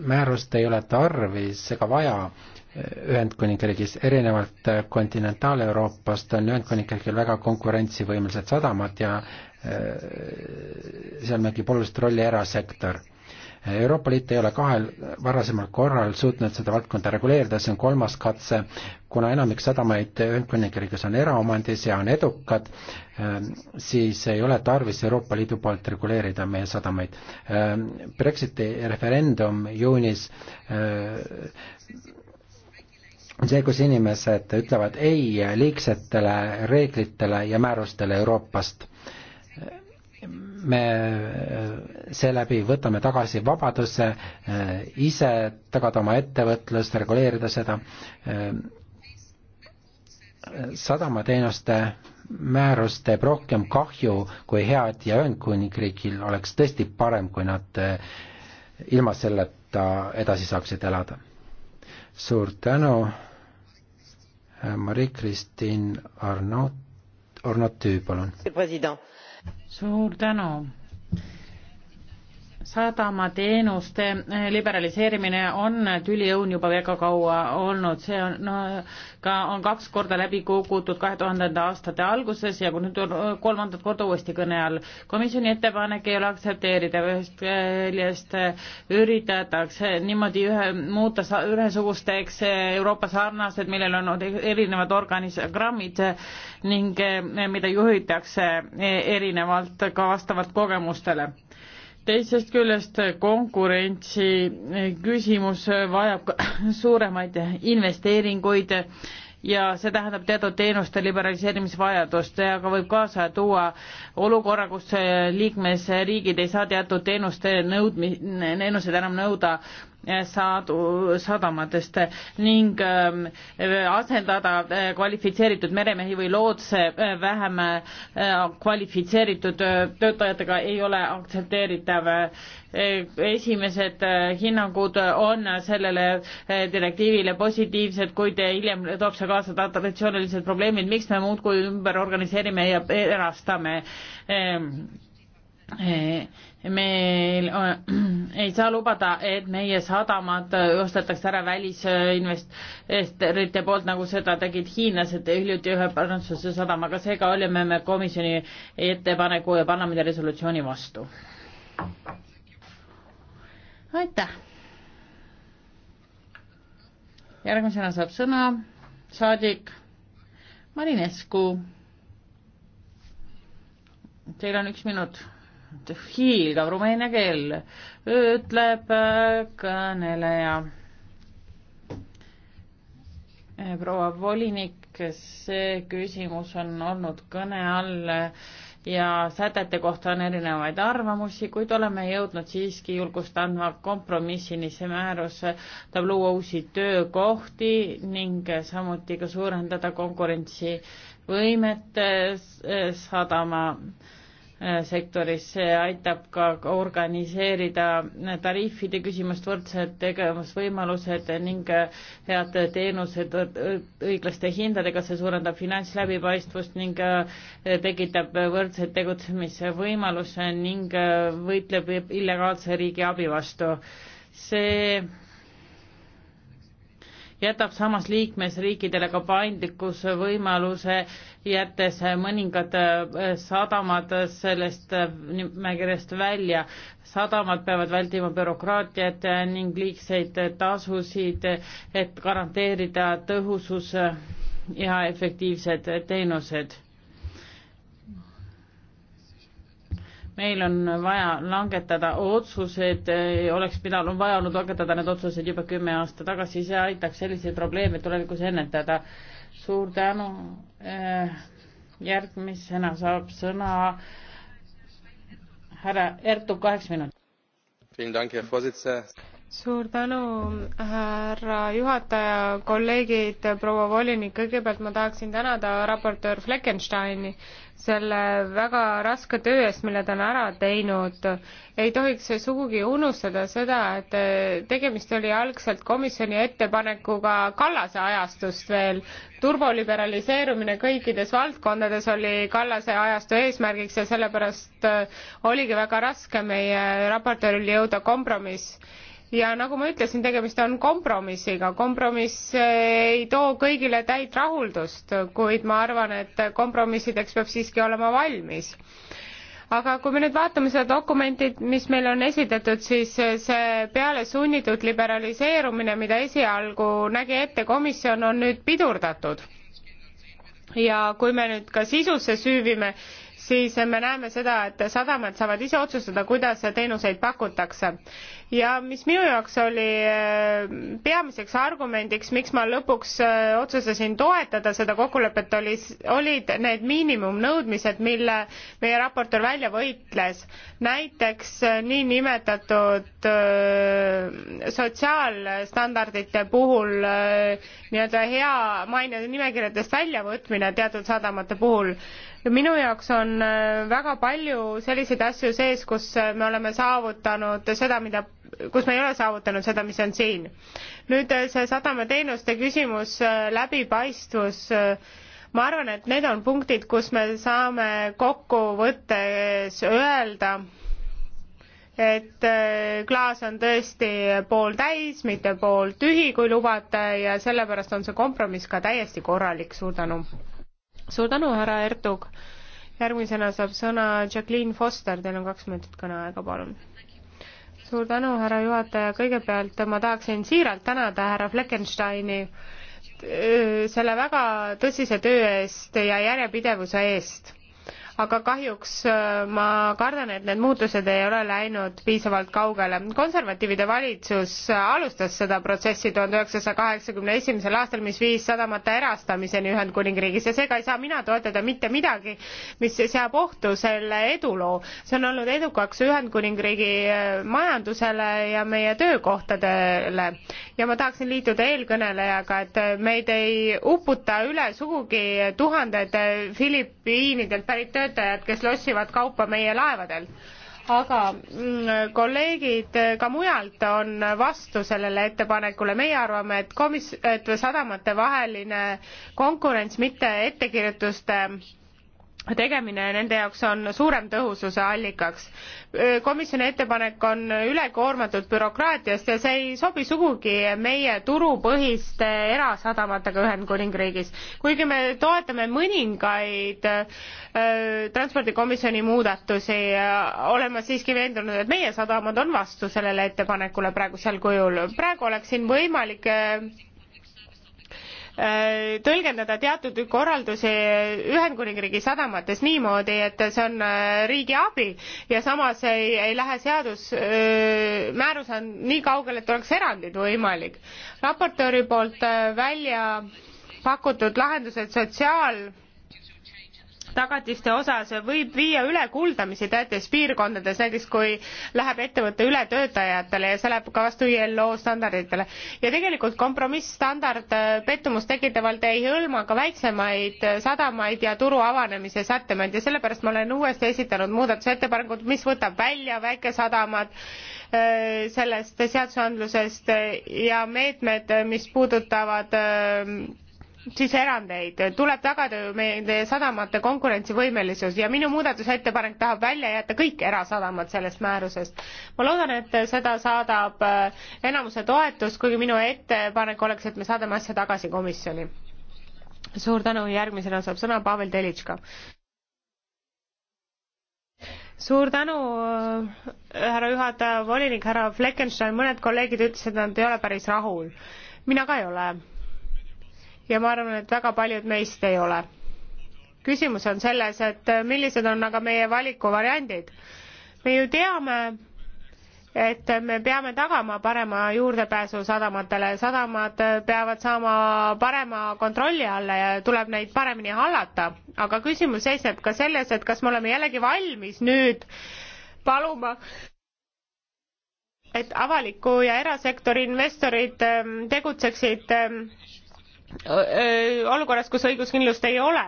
määrust ei ole tarvis ega vaja Ühendkuningriigis, erinevalt kontinentaal-Euroopast on Ühendkuningriigil väga konkurentsivõimelised sadamad ja Äh, seal mängib olulist rolli erasektor. Euroopa Liit ei ole kahel varasemal korral suutnud seda valdkonda reguleerida, see on kolmas katse, kuna enamik sadamaid Ühendkuningriigis on eraomandis ja on edukad, ähm, siis ei ole tarvis Euroopa Liidu poolt reguleerida meie sadamaid. Ähm, Brexiti referendum juunis äh, see, kus inimesed ütlevad ei liigsetele reeglitele ja määrustele Euroopast me seeläbi võtame tagasi vabaduse ise tagada oma ettevõtlust, reguleerida seda. sadamateenuste määrus teeb rohkem kahju kui head ja Ühendkuningriigil oleks tõesti parem, kui nad ilma selleta edasi saaksid elada. suur tänu, Marie-Christine Arnaut, Arnaut Tüü, palun suur tänu sadamateenuste liberaliseerimine on tüliõun juba väga kaua olnud, see on no, ka, on kaks korda läbi kukutud kahe tuhandenda aastate alguses ja nüüd on kolmandat korda uuesti kõne all. komisjoni ettepanek ei ole aktsepteerida, ühest küljest üritatakse niimoodi ühe, muuta ühesugusteks Euroopa sarnased, millel on erinevad organisagrammid ning eh, mida juhitakse eh, erinevalt ka vastavalt kogemustele teisest küljest konkurentsi küsimus vajab <laughs> suuremaid investeeringuid ja see tähendab teatud teenuste liberaliseerimisvajadust ja ka võib kaasa tuua olukorra, kus liikmesriigid ei saa teatud teenuste nõudmi-, teenuseid enam nõuda saadu, sadamatest ning ähm, asendada äh, kvalifitseeritud meremehi või lootse äh, vähem äh, kvalifitseeritud töötajatega ei ole aktsepteeritav. esimesed hinnangud on sellele direktiivile positiivsed, kuid hiljem toob see kaasa traditsioonilised probleemid, miks me muudkui ümber organiseerime ja erastame meil äh, <clears throat> ei saa lubada, et meie sadamad äh, ostetakse ära välisinvestorite poolt, nagu seda tegid hiinlased hiljuti ühe Prantsuse sadamaga, seega olime me komisjoni ettepaneku ja parlamendi resolutsiooni vastu. aitäh. järgmisena saab sõna saadik Marinescu. Teil on üks minut hiilgav rumeenia keel, ütleb äh, kõneleja. Äh, proua volinik, see küsimus on olnud kõne all ja sätete kohta on erinevaid arvamusi, kuid oleme jõudnud siiski julgust andma kompromissini, see määrus tahab luua uusi töökohti ning samuti ka suurendada konkurentsivõimet äh, sadama äh, sektoris, see aitab ka organiseerida tariifide küsimust, võrdsed tegevusvõimalused ning head teenused õiglaste hindadega, see suurendab finantsläbipaistvust ning tekitab võrdseid tegutsemisvõimaluse ning võitleb illegaalse riigi abi vastu. see jätab samas liikmesriikidele ka paindlikkuse võimaluse, jättes mõningad äh, sadamad sellest äh, nimekirjast välja. sadamad peavad vältima bürokraatiat äh, ning liigseid tasusid, et garanteerida tõhusus ja efektiivsed teenused meil on vaja langetada otsused, eh, oleks pidanud, vaja olnud langetada need otsused juba kümme aasta tagasi, see aitaks selliseid probleeme tulevikus ennetada. suur tänu. Eh, järgmisena saab sõna härra Ertug, kaheksa minutit suur tänu, härra juhataja, kolleegid, proua volinik, kõigepealt ma tahaksin tänada raportöör Fleckensteini selle väga raske töö eest, mille ta on ära teinud. ei tohiks sugugi unustada seda, et tegemist oli algselt komisjoni ettepanekuga Kallase ajastust veel. turboliberaliseerumine kõikides valdkondades oli Kallase ajastu eesmärgiks ja sellepärast oligi väga raske meie raportööril jõuda kompromiss ja nagu ma ütlesin, tegemist on kompromissiga, kompromiss eh, ei too kõigile täit rahuldust, kuid ma arvan, et kompromissideks peab siiski olema valmis aga kui me nüüd vaatame seda dokumenti, mis meile on esitatud, siis eh, see pealesunnitud liberaliseerumine, mida esialgu nägi ette komisjon, on nüüd pidurdatud. ja kui me nüüd ka sisusse süüvime, siis me näeme seda, et sadamad saavad ise otsustada, kuidas teenuseid pakutakse. ja mis minu jaoks oli äh, peamiseks argumendiks, miks ma lõpuks äh, otsustasin toetada seda kokkulepet, oli, olid need miinimumnõudmised, mille meie raportöör välja võitles. näiteks äh, niinimetatud sotsiaalstandardite puhul nii-öelda hea maine nimekirjadest väljavõtmine teatud sadamate puhul minu jaoks on äh, väga palju selliseid asju sees, kus äh, me oleme saavutanud seda, mida, kus me ei ole saavutanud seda, mis on siin. nüüd äh, see sadamateenuste küsimus, läbipaistvus, ma arvan, et need on punktid, kus me saame kokkuvõttes öelda, et klaas on tõesti pooltäis, mitte pooltühi, kui lubate, ja sellepärast on see kompromiss ka täiesti korralik, suur tänu! suur tänu, härra Ertug. järgmisena saab sõna Jacqueline Foster, teil on kaks minutit kõneaega, palun. suur tänu, härra juhataja, kõigepealt ma tahaksin siiralt tänada härra Fleckensteini äh, selle väga tõsise töö eest ja järjepidevuse eest aga kahjuks äh, ma kardan, et need muutused ei ole läinud piisavalt kaugele. konservatiivide valitsus alustas seda protsessi tuhande üheksasaja kaheksakümne esimesel aastal, mis viis sadamate erastamiseni Ühendkuningriigis ja seega ei saa mina toetada mitte midagi, mis seab ohtu selle eduloo. see on olnud edukaks Ühendkuningriigi äh, majandusele ja meie töökohtadele ja ma tahaksin liituda eelkõnelejaga, et äh, meid ei uputa üle sugugi tuhanded Filipiinidelt pärit töötajad, töötajad, kes lossivad kaupa meie laevadel. aga mm, kolleegid ka mujalt on vastu sellele ettepanekule, meie arvame, et komis-, et sadamate vaheline konkurents, mitte ettekirjutuste tegemine nende jaoks on suurem tõhususe allikaks. komisjoni ettepanek on ülekoormatud bürokraatiast ja see ei sobi sugugi meie turupõhiste erasadamatega Ühendkuningriigis. kuigi me toetame mõningaid äh, transpordikomisjoni muudatusi, olen ma siiski veendunud, et meie sadamad on vastu sellele ettepanekule praegusel kujul. praegu oleks siin võimalik äh, Äh, tõlgendada teatud korraldusi Ühendkuningriigi sadamates niimoodi, et see on äh, riigi abi ja samas ei, ei lähe seadus, äh, määrus on nii kaugel, et oleks erandid võimalik. raportööri poolt välja pakutud lahendused sotsiaal- tagatiste osas võib viia üle kuldamisi teatud piirkondades, näiteks kui läheb ettevõte üle töötajatele ja see läheb ka vastu ILO standarditele. ja tegelikult kompromissstandard äh, pettumust tekitavalt ei hõlma ka väiksemaid äh, sadamaid ja turu avanemise sättemeid ja sellepärast ma olen uuesti esitanud muudatusettepanekud, mis võtab välja väikesadamad äh, sellest seadusandlusest ja meetmed, mis puudutavad siis erandeid, tuleb tagada ju meie sadamate konkurentsivõimelisus ja minu muudatusettepanek tahab välja jätta kõik erasadamad sellest määrusest. ma loodan, et seda saadab äh, enamuse toetus, kuigi minu ettepanek oleks, et me saadame asja tagasi komisjoni. suur tänu, järgmisena saab sõna Pavel Telitška suur tänu, äh, härra juhataja, volinik härra Fleckenstein, mõned kolleegid ütlesid, et nad ei ole päris rahul. mina ka ei ole ja ma arvan, et väga paljud meist ei ole. küsimus on selles, et millised on aga meie valikuvariandid. me ju teame, et me peame tagama parema juurdepääsu sadamatele, sadamad peavad saama parema kontrolli alla ja tuleb neid paremini hallata. aga küsimus seisneb ka selles, et kas me oleme jällegi valmis nüüd paluma et avaliku ja erasektori investorid ehm, tegutseksid ehm, olukorras, kus õiguskindlust ei ole.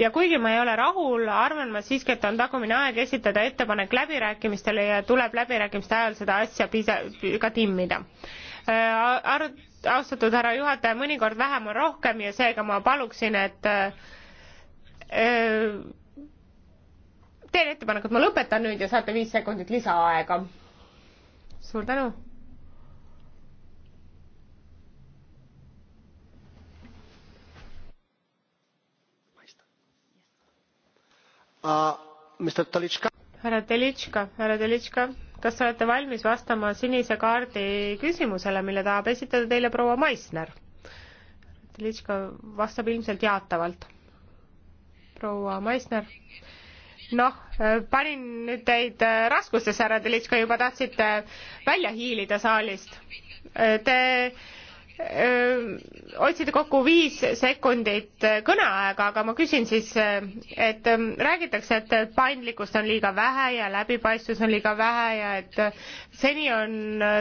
ja kuigi ma ei ole rahul, arvan ma siiski, et on tagumine aeg esitada ettepanek läbirääkimistele ja tuleb läbirääkimiste ajal seda asja pisa-, ka timmida. Ar-, austatud härra juhataja, mõnikord vähem on rohkem ja seega ma paluksin, et teen ettepaneku, et ma lõpetan nüüd ja saate viis sekundit lisaaega. suur tänu härra Telitška, härra Telitška, kas te olete valmis vastama sinise kaardi küsimusele, mille tahab esitada teile proua Maisner? Telitška vastab ilmselt jaatavalt. proua Maisner? noh, panin nüüd teid äh, raskustesse, härra Telitška, juba tahtsite välja hiilida saalist. Äh, te hoidsite äh, kokku viis sekundit kõneaega, aga ma küsin siis, et ähm, räägitakse, et paindlikkust on liiga vähe ja läbipaistvust on liiga vähe ja et seni on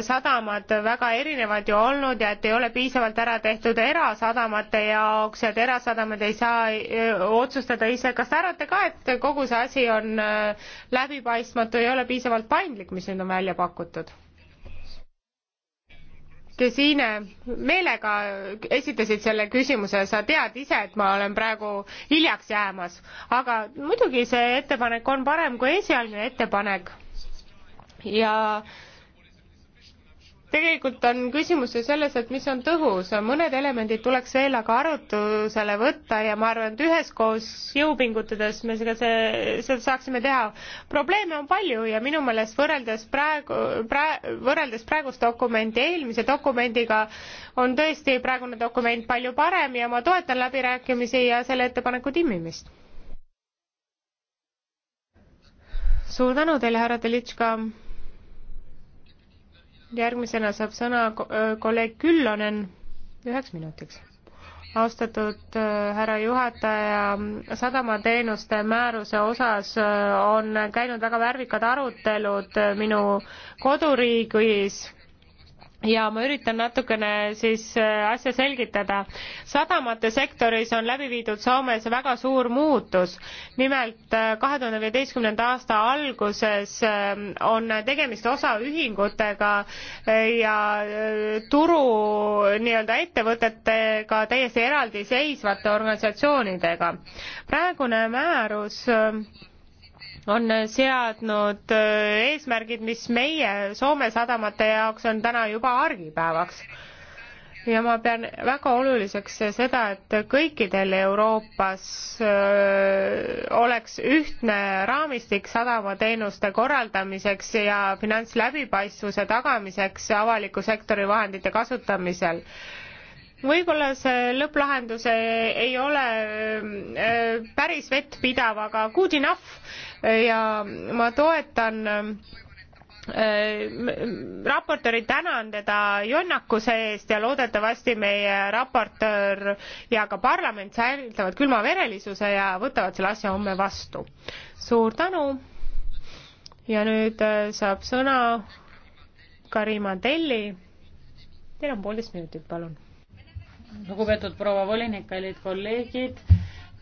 sadamad väga erinevad ju olnud ja et ei ole piisavalt ära tehtud erasadamate jaoks ja et erasadamad ei saa äh, otsustada ise. kas te arvate ka, et kogu see asi on äh, läbipaistmatu, ei ole piisavalt paindlik, mis nüüd on välja pakutud? Siine, meelega esitasid selle küsimuse, sa tead ise, et ma olen praegu hiljaks jäämas, aga muidugi see ettepanek on parem kui esialgne ettepanek ja äh, tegelikult on küsimus ju selles, et mis on tõhus, mõned elemendid tuleks veel aga arutusele võtta ja ma arvan, et üheskoos jõupingutades me seda, seda saaksime teha. probleeme on palju ja minu meelest võrreldes praegu, praegu, võrreldes praegust dokumenti eelmise dokumendiga on tõesti praegune dokument palju parem ja ma toetan läbirääkimisi ja selle ettepaneku timmimist. suur tänu teile, härra Telitška järgmisena saab sõna kolleeg Küllonen üheks minutiks. austatud härra juhataja, sadamateenuste määruse osas on käinud väga värvikad arutelud minu koduriigis ja ma üritan natukene siis äh, asja selgitada. sadamate sektoris on läbi viidud Soomes väga suur muutus. nimelt äh, kahe tuhande viieteistkümnenda aasta alguses äh, on tegemist osaühingutega ja turu nii-öelda ettevõtetega täiesti eraldiseisvate organisatsioonidega. praegune määrus on seadnud äh, eesmärgid, mis meie Soome sadamate jaoks on täna juba argipäevaks. ja ma pean väga oluliseks seda, et kõikidel Euroopas äh, oleks ühtne raamistik sadamateenuste korraldamiseks ja finantsläbipaistvuse tagamiseks avaliku sektori vahendite kasutamisel võib-olla see lõpplahendus ei ole äh, päris vettpidav, aga good enough ja ma toetan äh, raportööri tänan teda jonnakuse eest ja loodetavasti meie raportöör ja ka parlament säilitavad külmaverelisuse ja võtavad selle asja homme vastu. suur tänu ja nüüd äh, saab sõna Karima Telli. Teil on poolteist minutit, palun. lugupeetud proua volinik, kallid kolleegid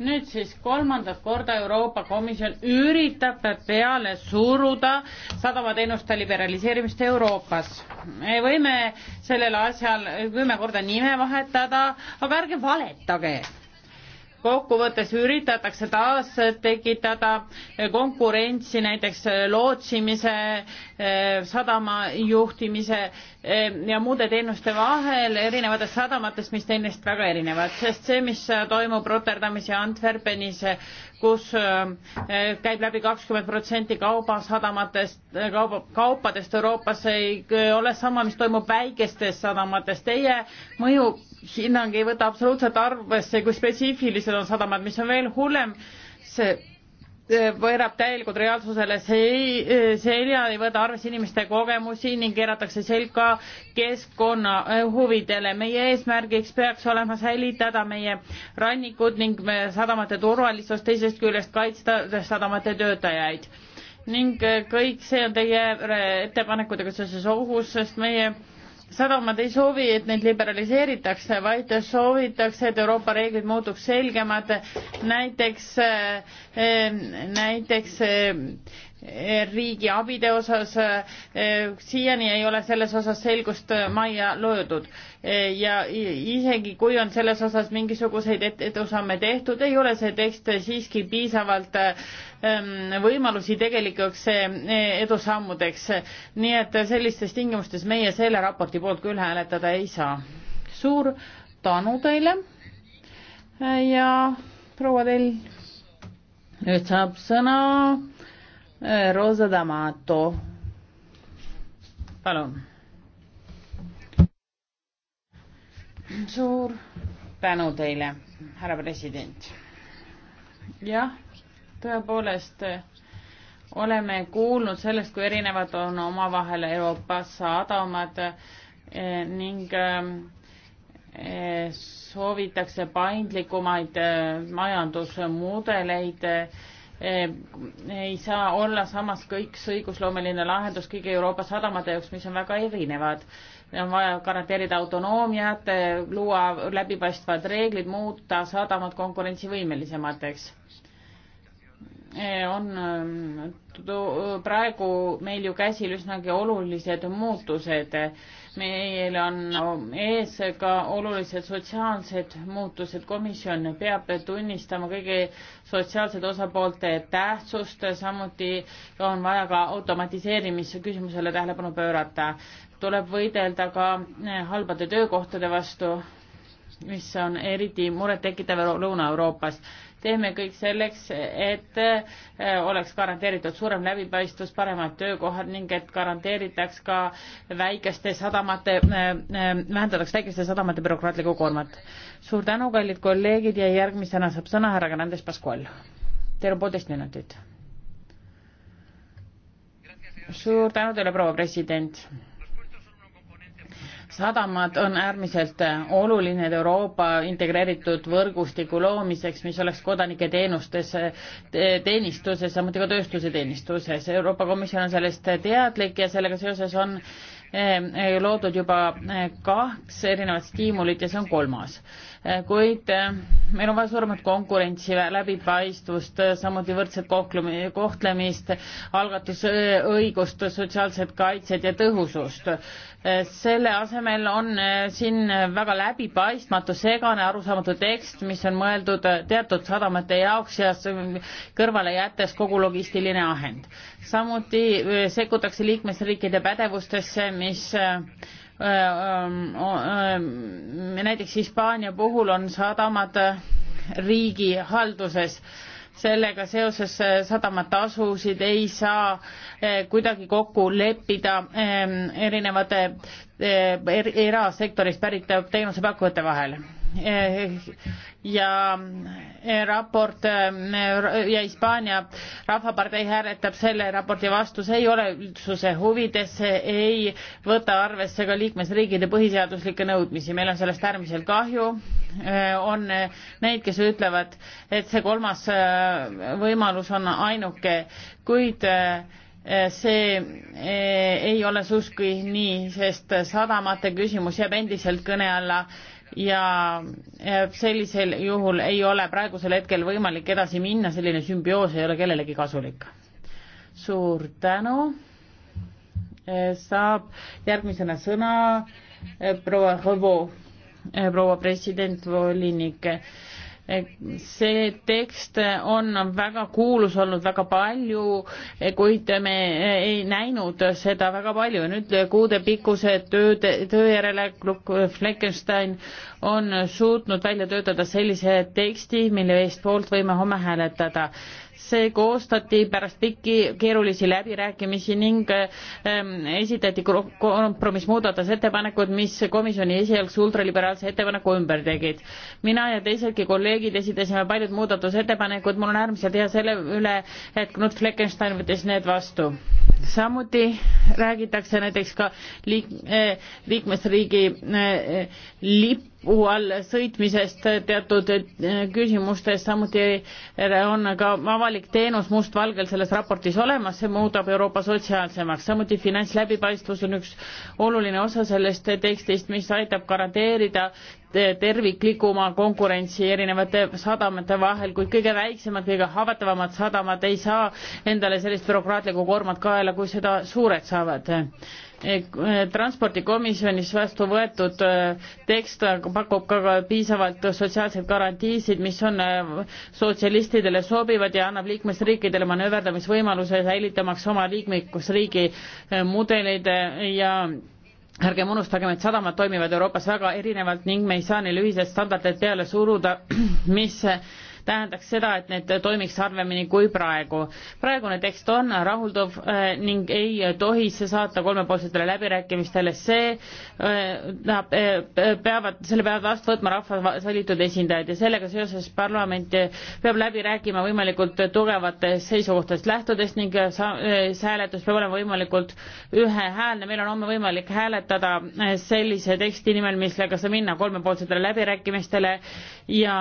nüüd siis kolmandat korda Euroopa Komisjon üritab peale suruda sadamateenuste liberaliseerimist Euroopas. me võime sellel asjal kümme korda nime vahetada, aga ärge valetage. kokkuvõttes üritatakse taas tekitada konkurentsi näiteks lootsimise, eh, sadama juhtimise Ehm, ja muude teenuste vahel erinevates sadamates, mis teineteist väga erinevad, sest see, mis äh, toimub Rotterdamis ja Antwerpenis, äh, kus ähm, äh, käib läbi kakskümmend protsenti kaubasadamatest, kauba, kaupadest Euroopas, ei ole sama, mis toimub väikestes sadamates. Teie mõjuhinnang ei võta absoluutselt arvesse, kui spetsiifilised on sadamad, mis on veel hullem, see võõrab täielikult reaalsusele selja, ei võta arvesse inimeste kogemusi ning keeratakse selga keskkonna huvidele. meie eesmärgiks peaks olema säilitada meie rannikud ning meie sadamate turvalisust, teisest küljest kaitsta sadamate töötajaid. ning kõik see on teie ettepanekutega seoses ohus, sest meie sadamad ei soovi, et neid liberaliseeritakse, vaid soovitakse, et Euroopa reeglid muutuks selgemad. näiteks, eh, eh, näiteks eh, riigi abide osas eh, siiani ei ole selles osas selgust eh, majja löödud eh, ja isegi kui on selles osas mingisuguseid edusamme tehtud, ei ole see tekst siiski piisavalt ehm, võimalusi tegelikeks edusammudeks. nii et sellistes tingimustes meie selle raporti poolt küll hääletada ei saa. suur tänu teile ja proua Tell, nüüd saab sõna Eh, Rosa D'Amato. palun. suur tänu teile, härra president. jah, tõepoolest eh, oleme kuulnud sellest, kui erinevad on omavahel Euroopa sadamad eh, ning ehm, soovitakse paindlikumaid majandusmudeleid Eh, ei saa olla samas kõik see õigusloomeline lahendus kõigi Euroopa sadamate jaoks, mis on väga erinevad. on vaja garanteerida autonoomiat, luua läbipaistvad reeglid, muuta sadamad konkurentsivõimelisemateks. Eh, on ähm, praegu meil ju käsil üsnagi olulised muutused meil on ees ka olulised sotsiaalsed muutused. komisjon peab tunnistama kõigi sotsiaalsete osapoolte tähtsust, samuti on vaja ka automatiseerimise küsimusele tähelepanu pöörata. tuleb võidelda ka halbade töökohtade vastu, mis on eriti murettekitav Lõuna-Euroopas teeme kõik selleks, et äh, oleks garanteeritud suurem läbipaistvus, paremad töökohad ning et garanteeritaks ka väikeste sadamate, äh, äh, vähendataks väikeste sadamate bürokraatlikku koormat. suur tänu, kallid kolleegid ja järgmisena saab sõna härra Grandes Pascual. Teil on poolteist minutit. suur tänu teile, proua president sadamad on äärmiselt äh, oluline Euroopa integreeritud võrgustiku loomiseks, mis oleks kodanike teenustes, äh, teenistuses, samuti ka tööstuse teenistuses. Euroopa Komisjon on sellest teadlik ja sellega seoses on äh, loodud juba kaks erinevat stiimulit ja see on kolmas Äh, kuid äh, meil on vaja suuremat konkurentsi, läbipaistvust, äh, samuti võrdset kohtlemist, algatusõigust, sotsiaalset kaitset ja tõhusust. selle asemel on siin väga läbipaistmatu, segane, arusaamatu tekst, mis on mõeldud teatud sadamate jaoks ja kõrvale jättes kogu logistiline ahend. samuti sekkutakse liikmesriikide pädevustesse, mis Äh, ähm, äh, näiteks Hispaania puhul on sadamad äh, riigi halduses sellega seoses sadamatasusid ei saa kuidagi kokku leppida erinevate er-, erasektorist pärit teenusepakkujate vahel ja eh, raport eh, ja Hispaania Rahvapartei hääletab selle raporti vastu, see ei ole üldsuse huvides, see ei võta arvesse ka liikmesriigide põhiseaduslikke nõudmisi, meil on sellest äärmiselt kahju, eh, on neid, kes ütlevad, et see kolmas võimalus on ainuke, kuid see ei ole sugugi nii, sest sadamate küsimus jääb endiselt kõne alla ja sellisel juhul ei ole praegusel hetkel võimalik edasi minna, selline sümbioos ei ole kellelegi kasulik. suur tänu. E, saab järgmisena sõna e, proua Hõbo, e, proua president, volinik see tekst on väga kuulus olnud väga palju, kuid me ei näinud seda väga palju. nüüd kuudepikkuse töö, töö järele Fleckenstein on suutnud välja töötada sellise teksti, mille eest poolt võime homme hääletada see koostati pärast pikki keerulisi läbirääkimisi ning ähm, esitati kompromissmuudatusettepanekud, mis komisjoni esialgse ultraliberaalse ettepaneku ümber tegid. mina ja teisedki kolleegid esitasime paljud muudatusettepanekud, mul on äärmiselt hea selle üle, et Knut Fleckenstein võttis need vastu. samuti räägitakse näiteks ka liik-, äh, liikmesriigi äh, lipp, puu all sõitmisest teatud eh, küsimustes, samuti eh, on ka avalik teenus mustvalgel selles raportis olemas, see muudab Euroopa sotsiaalsemaks, samuti finantsläbipaistvus on üks oluline osa sellest tekstist, mis aitab garanteerida eh, terviklikuma konkurentsi erinevate sadamate vahel, kuid kõige väiksemad, kõige haavatavamad sadamad ei saa endale sellist bürokraatlikku koormat kaela, kui seda suured saavad transpordikomisjonis vastu võetud äh, tekst pakub ka piisavalt sotsiaalseid garantiisid, mis on äh, sotsialistidele sobivad ja annab liikmesriikidele manööverdamisvõimaluse, säilitamaks oma liikmesriigi äh, mudeleid ja ärgem unustagem, et sadamad toimivad Euroopas väga erinevalt ning me ei saa neile ühiseid standardeid peale suruda, <clears throat> mis tähendaks seda, et need toimiks harvemini kui praegu. praegune tekst on rahuldav äh, ning ei tohi see saata kolmepoolsetele läbirääkimistele, see äh, äh, peavad, selle peavad vastu võtma rahvas valitud esindajad ja sellega seoses parlament peab läbi rääkima võimalikult tugevatest seisukohtadest lähtudes ning see hääletus peab olema võimalikult ühehäälne, meil on homme võimalik hääletada sellise teksti nimel, millega saab minna kolmepoolsetele läbirääkimistele ja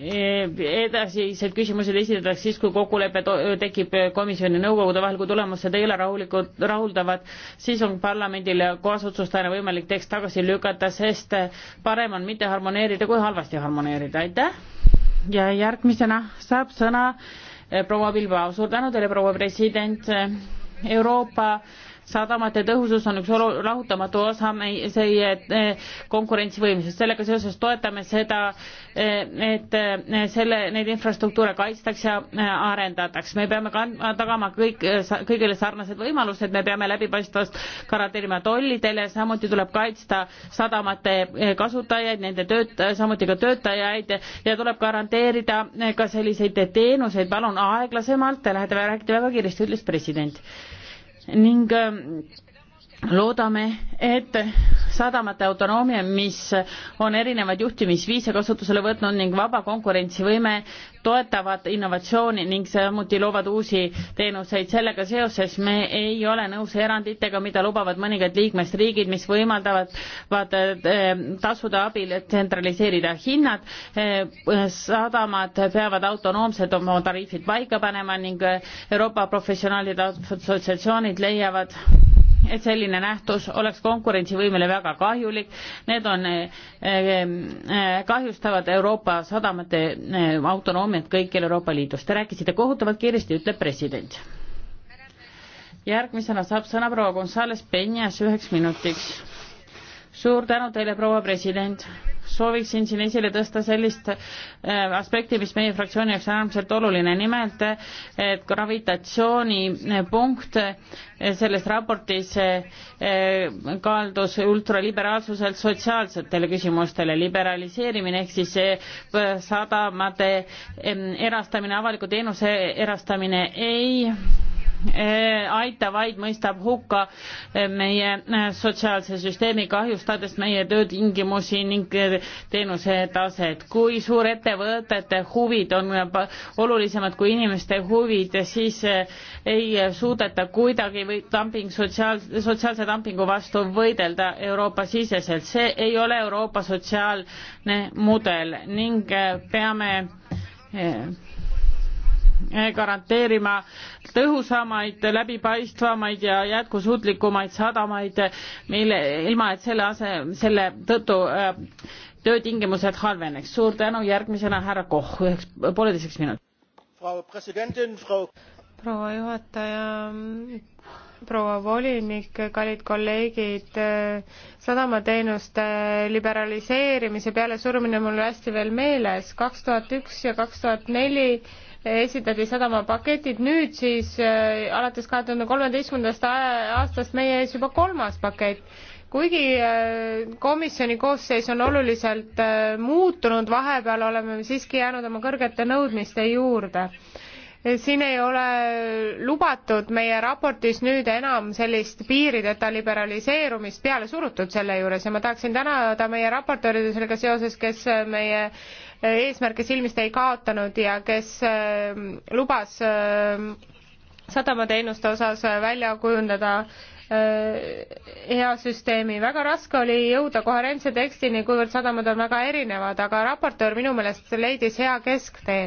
edasised küsimused esitatakse siis, kui kokkulepe tekib komisjoni ja nõukogude vahel, kui tulemused ei ole rahulikud, rahuldavad, siis on parlamendil ja kaasotsustajana võimalik tekst tagasi lükata, sest parem on mitte harmoneerida kui halvasti harmoneerida, aitäh. ja järgmisena saab sõna eh, proua Bilbao, suur tänu teile, proua president, Euroopa sadamate tõhusus on üks olu-, lahutamatu osa meie eh, konkurentsivõimsusest. sellega seoses toetame seda, eh, et eh, selle, neid infrastruktuure kaitstaks ja arendataks. me peame kandma, tagama kõik, kõigile sarnased võimalused, me peame läbipaistvust garanteerima tollidele, samuti tuleb kaitsta sadamate kasutajaid, nende tööt-, samuti ka töötajaid ja tuleb garanteerida ka selliseid teenuseid, palun aeglasemalt, te lähete, räägite väga kiiresti, ütles president ning ähm, loodame, et sadamate autonoomia, mis on erinevaid juhtimisviise kasutusele võtnud ning vaba konkurentsivõime toetavad innovatsiooni ning samuti loovad uusi teenuseid. sellega seoses me ei ole nõus eranditega, mida lubavad mõningad liikmesriigid, mis võimaldavad vaat, eh, tasude abil tsentraliseerida hinnad. Eh, sadamad peavad autonoomselt oma tariifid paika panema ning Euroopa professionaalide assotsiatsioonid leiavad et selline nähtus oleks konkurentsivõimele väga kahjulik. Need on eh,, eh, kahjustavad Euroopa sadamate eh, autonoomiat amet kõikjal Euroopa Liidus. Te rääkisite kohutavalt kiiresti, ütleb president. järgmisena saab sõna proua Gonzales Penjas üheks minutiks. suur tänu teile, proua president sooviksin siin esile tõsta sellist äh, aspekti, mis meie fraktsiooni jaoks on äärmiselt oluline, nimelt et gravitatsioonipunkt äh, äh, selles raportis kaldus ultraliberaalsuselt sotsiaalsetele küsimustele, liberaliseerimine ehk siis sadamate erastamine, avaliku teenuse erastamine ei aita, vaid mõistab hukka eh, meie eh, sotsiaalse süsteemi, kahjustades meie töötingimusi ning eh, teenuse taset. kui suurettevõtete huvid on olulisemad kui inimeste huvid, siis ei suudeta kuidagi või dumping sotsiaal, sotsiaalse dumpingu vastu võidelda Euroopa-siseselt. see ei ole Euroopa sotsiaalne mudel ning peame Eh, garanteerima tõhusamaid, läbipaistvamaid ja jätkusuutlikumaid sadamaid, mille, ilma et selle ase, selle tõttu eh, töötingimused halveneks. suur tänu, järgmisena härra Koch, üheks, pooleteiseks minutiks. proua juhataja, proua volinik, kallid kolleegid, eh, sadamateenuste liberaliseerimise pealesurumine on mul hästi veel meeles, kaks tuhat üks ja kaks tuhat neli esitati sadamapaketid, nüüd siis äh, alates kahe tuhande kolmeteistkümnendast aastast meie ees juba kolmas pakett kuigi äh, komisjoni koosseis on oluliselt äh, muutunud, vahepeal oleme me siiski jäänud oma kõrgete nõudmiste juurde. siin ei ole lubatud meie raportis nüüd enam sellist piirideta liberaliseerumist peale surutud selle juures ja ma tahaksin tänada meie raportööride sellega seoses, kes meie eesmärke silmist ei kaotanud ja kes ähm, lubas ähm, sadamateenuste osas välja kujundada äh, hea süsteemi. väga raske oli jõuda koherentse tekstini, kuivõrd sadamad on väga erinevad, aga raportöör minu meelest leidis hea kesktee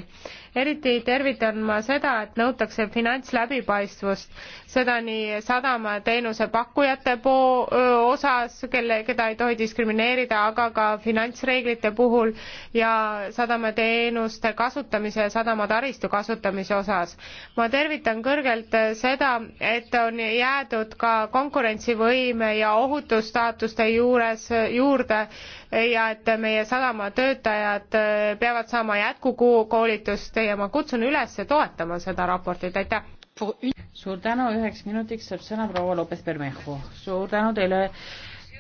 eriti tervitan ma seda, et nõutakse finantsläbipaistvust, seda nii sadamateenuse pakkujate po-, osas, kelle, keda ei tohi diskrimineerida, aga ka finantsreeglite puhul ja sadamateenuste kasutamise ja sadamataristu kasutamise osas. ma tervitan kõrgelt seda, et on jäädud ka konkurentsivõime ja ohutusstaatuste juures, juurde ja et meie sadamatöötajad äh, peavad saama jätkukoolitust sisse ja ma kutsun üles toetama seda raportit, aitäh! suur tänu, üheks minutiks saab sõna proua Lopez Bermejo. suur tänu teile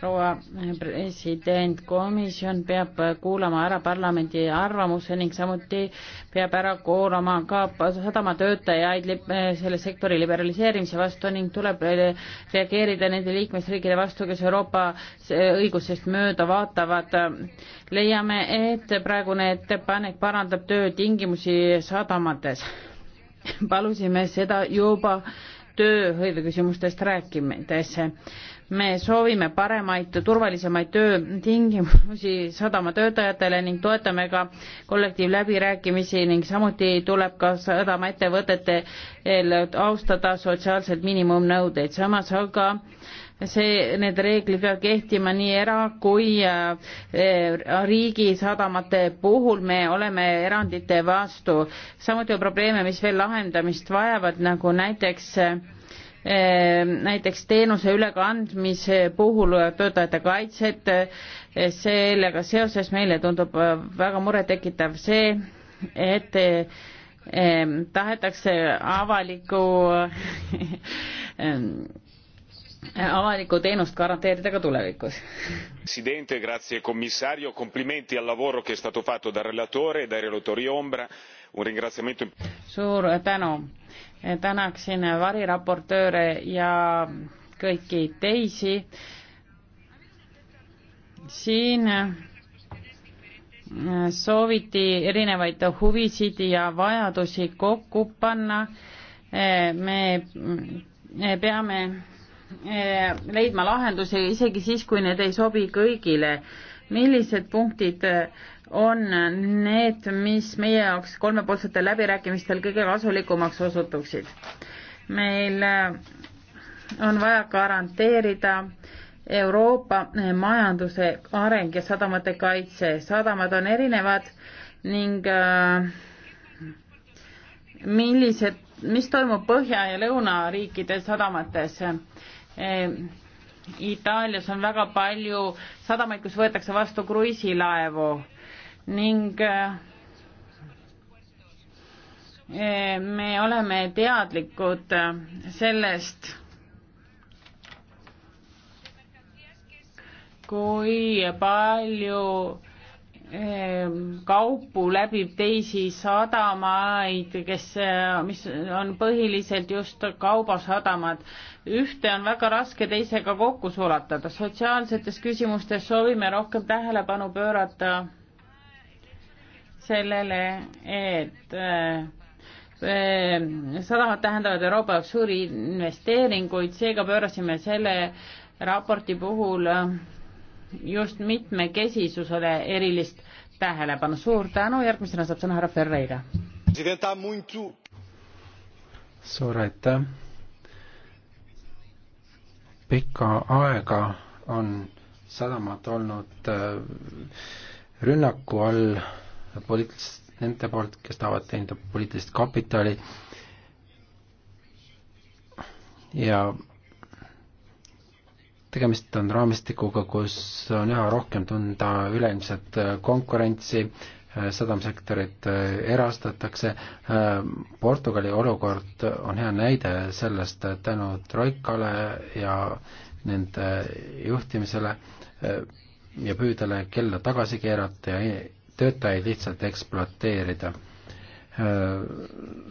proua president, komisjon peab kuulama ära parlamendi arvamuse ning samuti peab ära koorama ka sadamatöötajaid selle sektori liberaliseerimise vastu ning tuleb reageerida nende liikmesriikide vastu, kes Euroopa õigusest mööda vaatavad. leiame, et praegune ettepanek parandab töötingimusi sadamates. palusime seda juba tööhõive küsimustest rääkides me soovime paremaid, turvalisemaid töötingimusi sadamatöötajatele ning toetame ka kollektiivläbirääkimisi ning samuti tuleb ka sadamaettevõtete austada sotsiaalseid miinimumnõudeid, samas aga see, need reeglid peavad kehtima nii era- kui äh, riigisadamate puhul me oleme erandite vastu. samuti on probleeme, mis veel lahendamist vajavad, nagu näiteks äh, Ehm, näiteks teenuse ülekandmise puhul töötajate kaitset, eh, sellega seoses meile tundub eh, väga murettekitav see, et ehm, tahetakse avaliku <laughs> ehm, avalikku teenust garanteerida ka tulevikus. presidente grazie commissario complimenti al lavoro che è stato fatto dal relatore e dai relatori ombra un ringraziamento. suur tänu tänaksin variraportööre ja kõiki teisi. siin äh, sooviti erinevaid huvisid ja vajadusi kokku panna. Äh, me äh, peame leidma lahendusi isegi siis, kui need ei sobi kõigile. millised punktid on need, mis meie jaoks kolmepoolsetel läbirääkimistel kõige kasulikumaks osutuksid. meil äh, on vaja garanteerida Euroopa äh, majanduse areng ja sadamate kaitse. sadamad on erinevad ning äh, millised, mis toimub Põhja- ja Lõunariikide sadamates. Itaalias on väga palju sadamaid, kus võetakse vastu kruiisilaevu ning eh, eh, me oleme teadlikud eh, sellest, kui palju kaupu läbib teisi sadamaid, kes, mis on põhiliselt just kaubasadamad. ühte on väga raske teisega kokku sulatada. sotsiaalsetes küsimustes soovime rohkem tähelepanu pöörata sellele, et äh, äh, sadamad tähendavad Euroopa jaoks suuri investeeringuid, seega pöörasime selle raporti puhul äh, just mitmekesisusele erilist tähelepanu. suur tänu, järgmisena saab sõna härra Ferreira. suur aitäh. pikka aega on sadamad olnud rünnaku all poliitilist, nende poolt, kes tahavad teenida poliitilist kapitali ja tegemist on raamistikuga, kus on üha rohkem tunda üleilmset konkurentsi, sadamsektorit erastatakse, Portugali olukord on hea näide sellest, tänu Troikale ja nende juhtimisele ja püüdele kella tagasi keerata ja töötajaid lihtsalt ekspluateerida. Äh,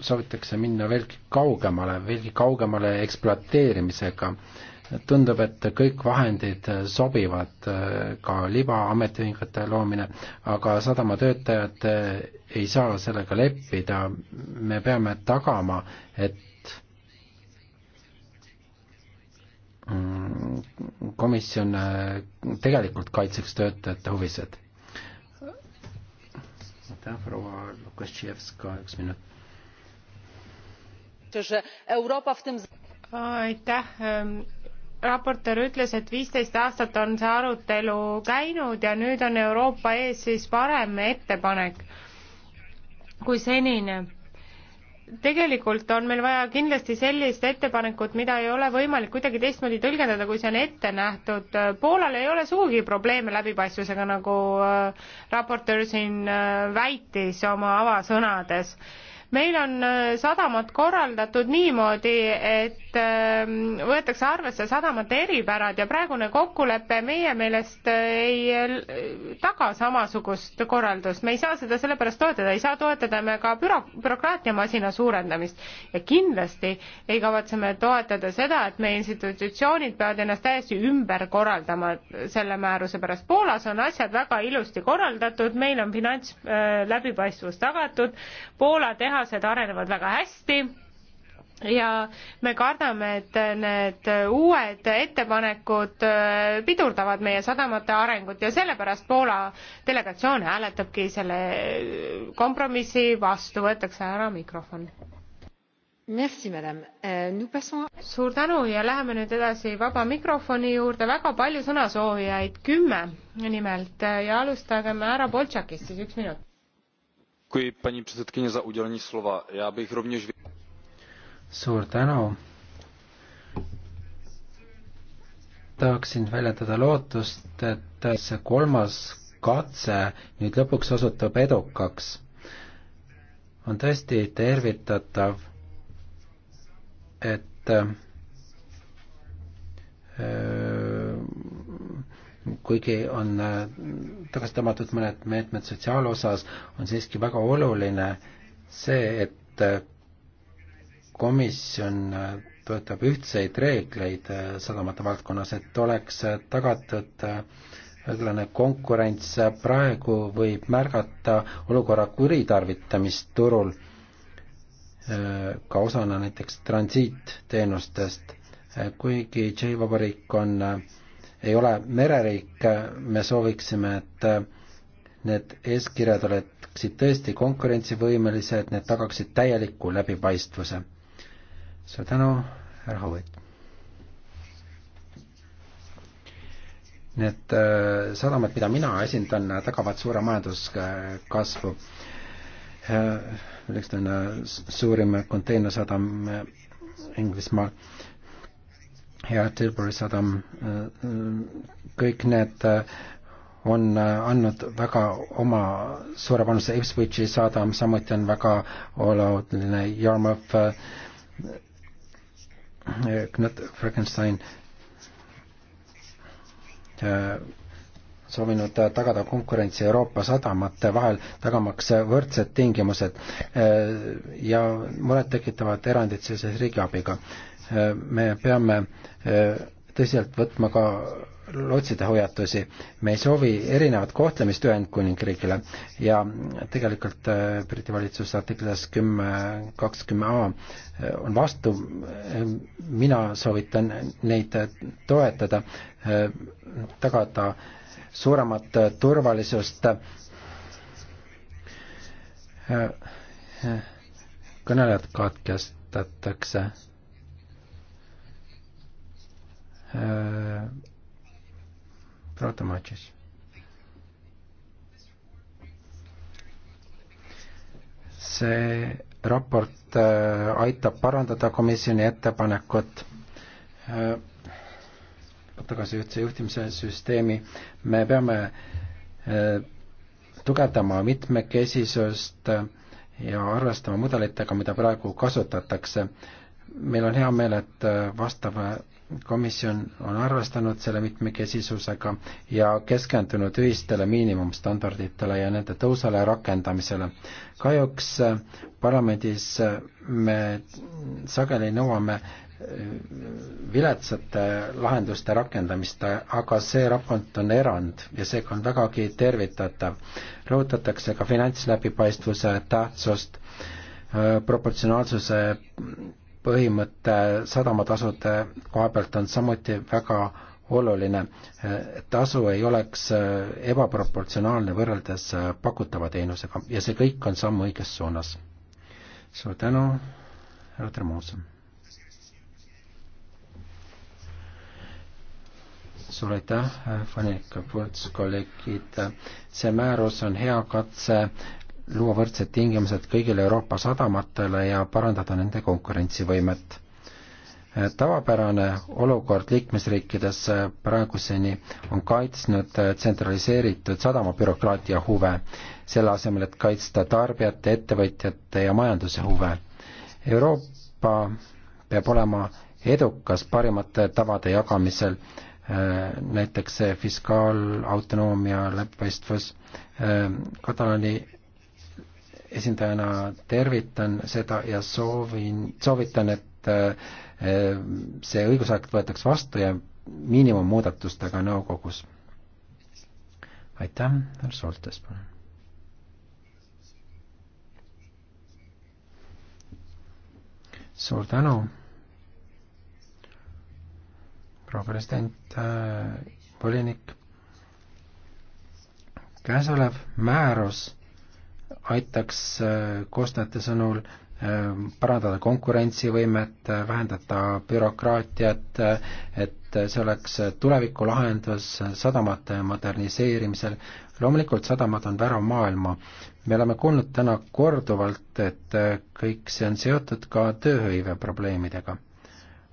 soovitakse minna veelgi kaugemale, veelgi kaugemale ekspluateerimisega. tundub, et kõik vahendid sobivad, äh, ka libaametiühingute loomine, aga sadamatöötajad äh, ei saa sellega leppida. me peame tagama, et mm, komisjon tegelikult kaitseks töötajate huvisid aitäh, proua Lukašjevska, üks minut. aitäh raportöör ütles, et viisteist aastat on see arutelu käinud ja nüüd on Euroopa ees siis parem ettepanek kui senine tegelikult on meil vaja kindlasti sellist ettepanekut, mida ei ole võimalik kuidagi teistmoodi tõlgendada, kui see on ette nähtud. Poolal ei ole sugugi probleeme läbipaistvusega, nagu äh, raportöör siin äh, väitis oma avasõnades meil on äh, sadamad korraldatud niimoodi, et ähm, võetakse arvesse sadamate eripärad ja praegune kokkulepe meie meelest äh, ei äh, taga samasugust korraldust. me ei saa seda sellepärast toetada, ei saa toetada me ka büro-, bürokraatiamasina suurendamist ja kindlasti ei kavatse me toetada seda, et meie institutsioonid peavad ennast täiesti ümber korraldama selle määruse pärast. Poolas on asjad väga ilusti korraldatud, meil on finants läbipaistvus tagatud, Poola teha teadlased arenevad väga hästi ja me kardame, et need uued ettepanekud äh, pidurdavad meie sadamate arengut ja sellepärast Poola delegatsioon hääletabki selle äh, kompromissi vastu, võetakse ära mikrofon. Euh, suur tänu ja läheme nüüd edasi vaba mikrofoni juurde, väga palju sõnasoovijaid, kümme nimelt ja alustagem härra Boltšakist siis üks minut paní předsedající já bych rovněž. suur tänu. tahaksin väljendada lootust, et see kolmas katse nüüd lõpuks osutub edukaks. on tõesti tervitatav, et öö, äh, kuigi on äh, tagasi tõmmatud mõned meetmed sotsiaalosas, on siiski väga oluline see, et äh, komisjon töötab äh, ühtseid reegleid sadamate valdkonnas, et oleks tagatud õiglane konkurents, praegu võib märgata olukorra kuritarvitamist turul ka osana näiteks transiitteenustest, kuigi Tšehhi Vabariik on äh, ei ole mereriik, me sooviksime, et need eeskirjad oleksid tõesti konkurentsivõimelised, need tagaksid täieliku läbipaistvuse. suur tänu, härra Hauet. Need äh, sadamad, mida mina esindan, tagavad suure majanduskasvu. milleks äh, ta on suurim konteinersadam Inglismaal ja Tilburi sadam, äh, äh, kõik need äh, on andnud väga oma suure panuse, Ipswichi sadam samuti on väga oluline, Yarmouth, Knut Frankenstein soovinud tagada konkurentsi Euroopa sadamate vahel, tagamaks võrdsed tingimused ja murettekitavad erandid sellises riigiabiga Äh, me peame äh, tõsiselt võtma ka lootside hoiatusi. me ei soovi erinevat kohtlemist Ühendkuningriigile ja tegelikult äh, Briti valitsuse artiklis kümme kakskümmend A on vastu, mina soovitan neid toetada, tagada suuremat turvalisust kõnelejad katkestatakse proua Tomatšis. see raport aitab parandada komisjoni ettepanekut tagasi ühtse juhtimise süsteemi. me peame tugevdama mitmekesisust ja arvestama mudelitega, mida praegu kasutatakse. meil on hea meel, et vastav komisjon on arvestanud selle mitmekesisusega ja keskendunud ühistele miinimumstandarditele ja nende tõusale rakendamisele. kahjuks äh, parlamendis äh, me sageli nõuame äh, viletsate lahenduste rakendamist, aga see raport on erand ja seega on vägagi tervitatav. rõhutatakse ka finantsläbipaistvuse tähtsust, proportsionaalsuse põhimõte sadamatasude koha pealt on samuti väga oluline, et tasu ei oleks äh, ebaproportsionaalne võrreldes äh, pakutava teenusega ja see kõik on samm õiges suunas. suur tänu, härra Tremosa. suur aitäh, Fanika äh, Pults, kolleegid. see määrus on hea katse luua võrdsed tingimused kõigile Euroopa sadamatele ja parandada nende konkurentsivõimet. Eh, tavapärane olukord liikmesriikides eh, praeguseni on kaitsnud eh, tsentraliseeritud sadamabürokraatia huve, selle asemel, et kaitsta tarbijate, ettevõtjate ja majanduse huve. Euroopa peab olema edukas parimate tavade jagamisel, näiteks fiskaalautonoomia läbipaistvus, Katalaani esindajana tervitan seda ja soovin, soovitan, et äh, see õigusakt võetaks vastu ja miinimummuudatustega nõukogus. aitäh, härra Soltes, palun. suur tänu, proua president äh,, volinik. käesolev määrus aitaks äh, koostajate sõnul äh, parandada konkurentsivõimet, äh, vähendada bürokraatiat, et see oleks tulevikulahendus sadamate moderniseerimisel. loomulikult sadamad on värav maailma. me oleme kuulnud täna korduvalt, et kõik see on seotud ka tööhõive probleemidega.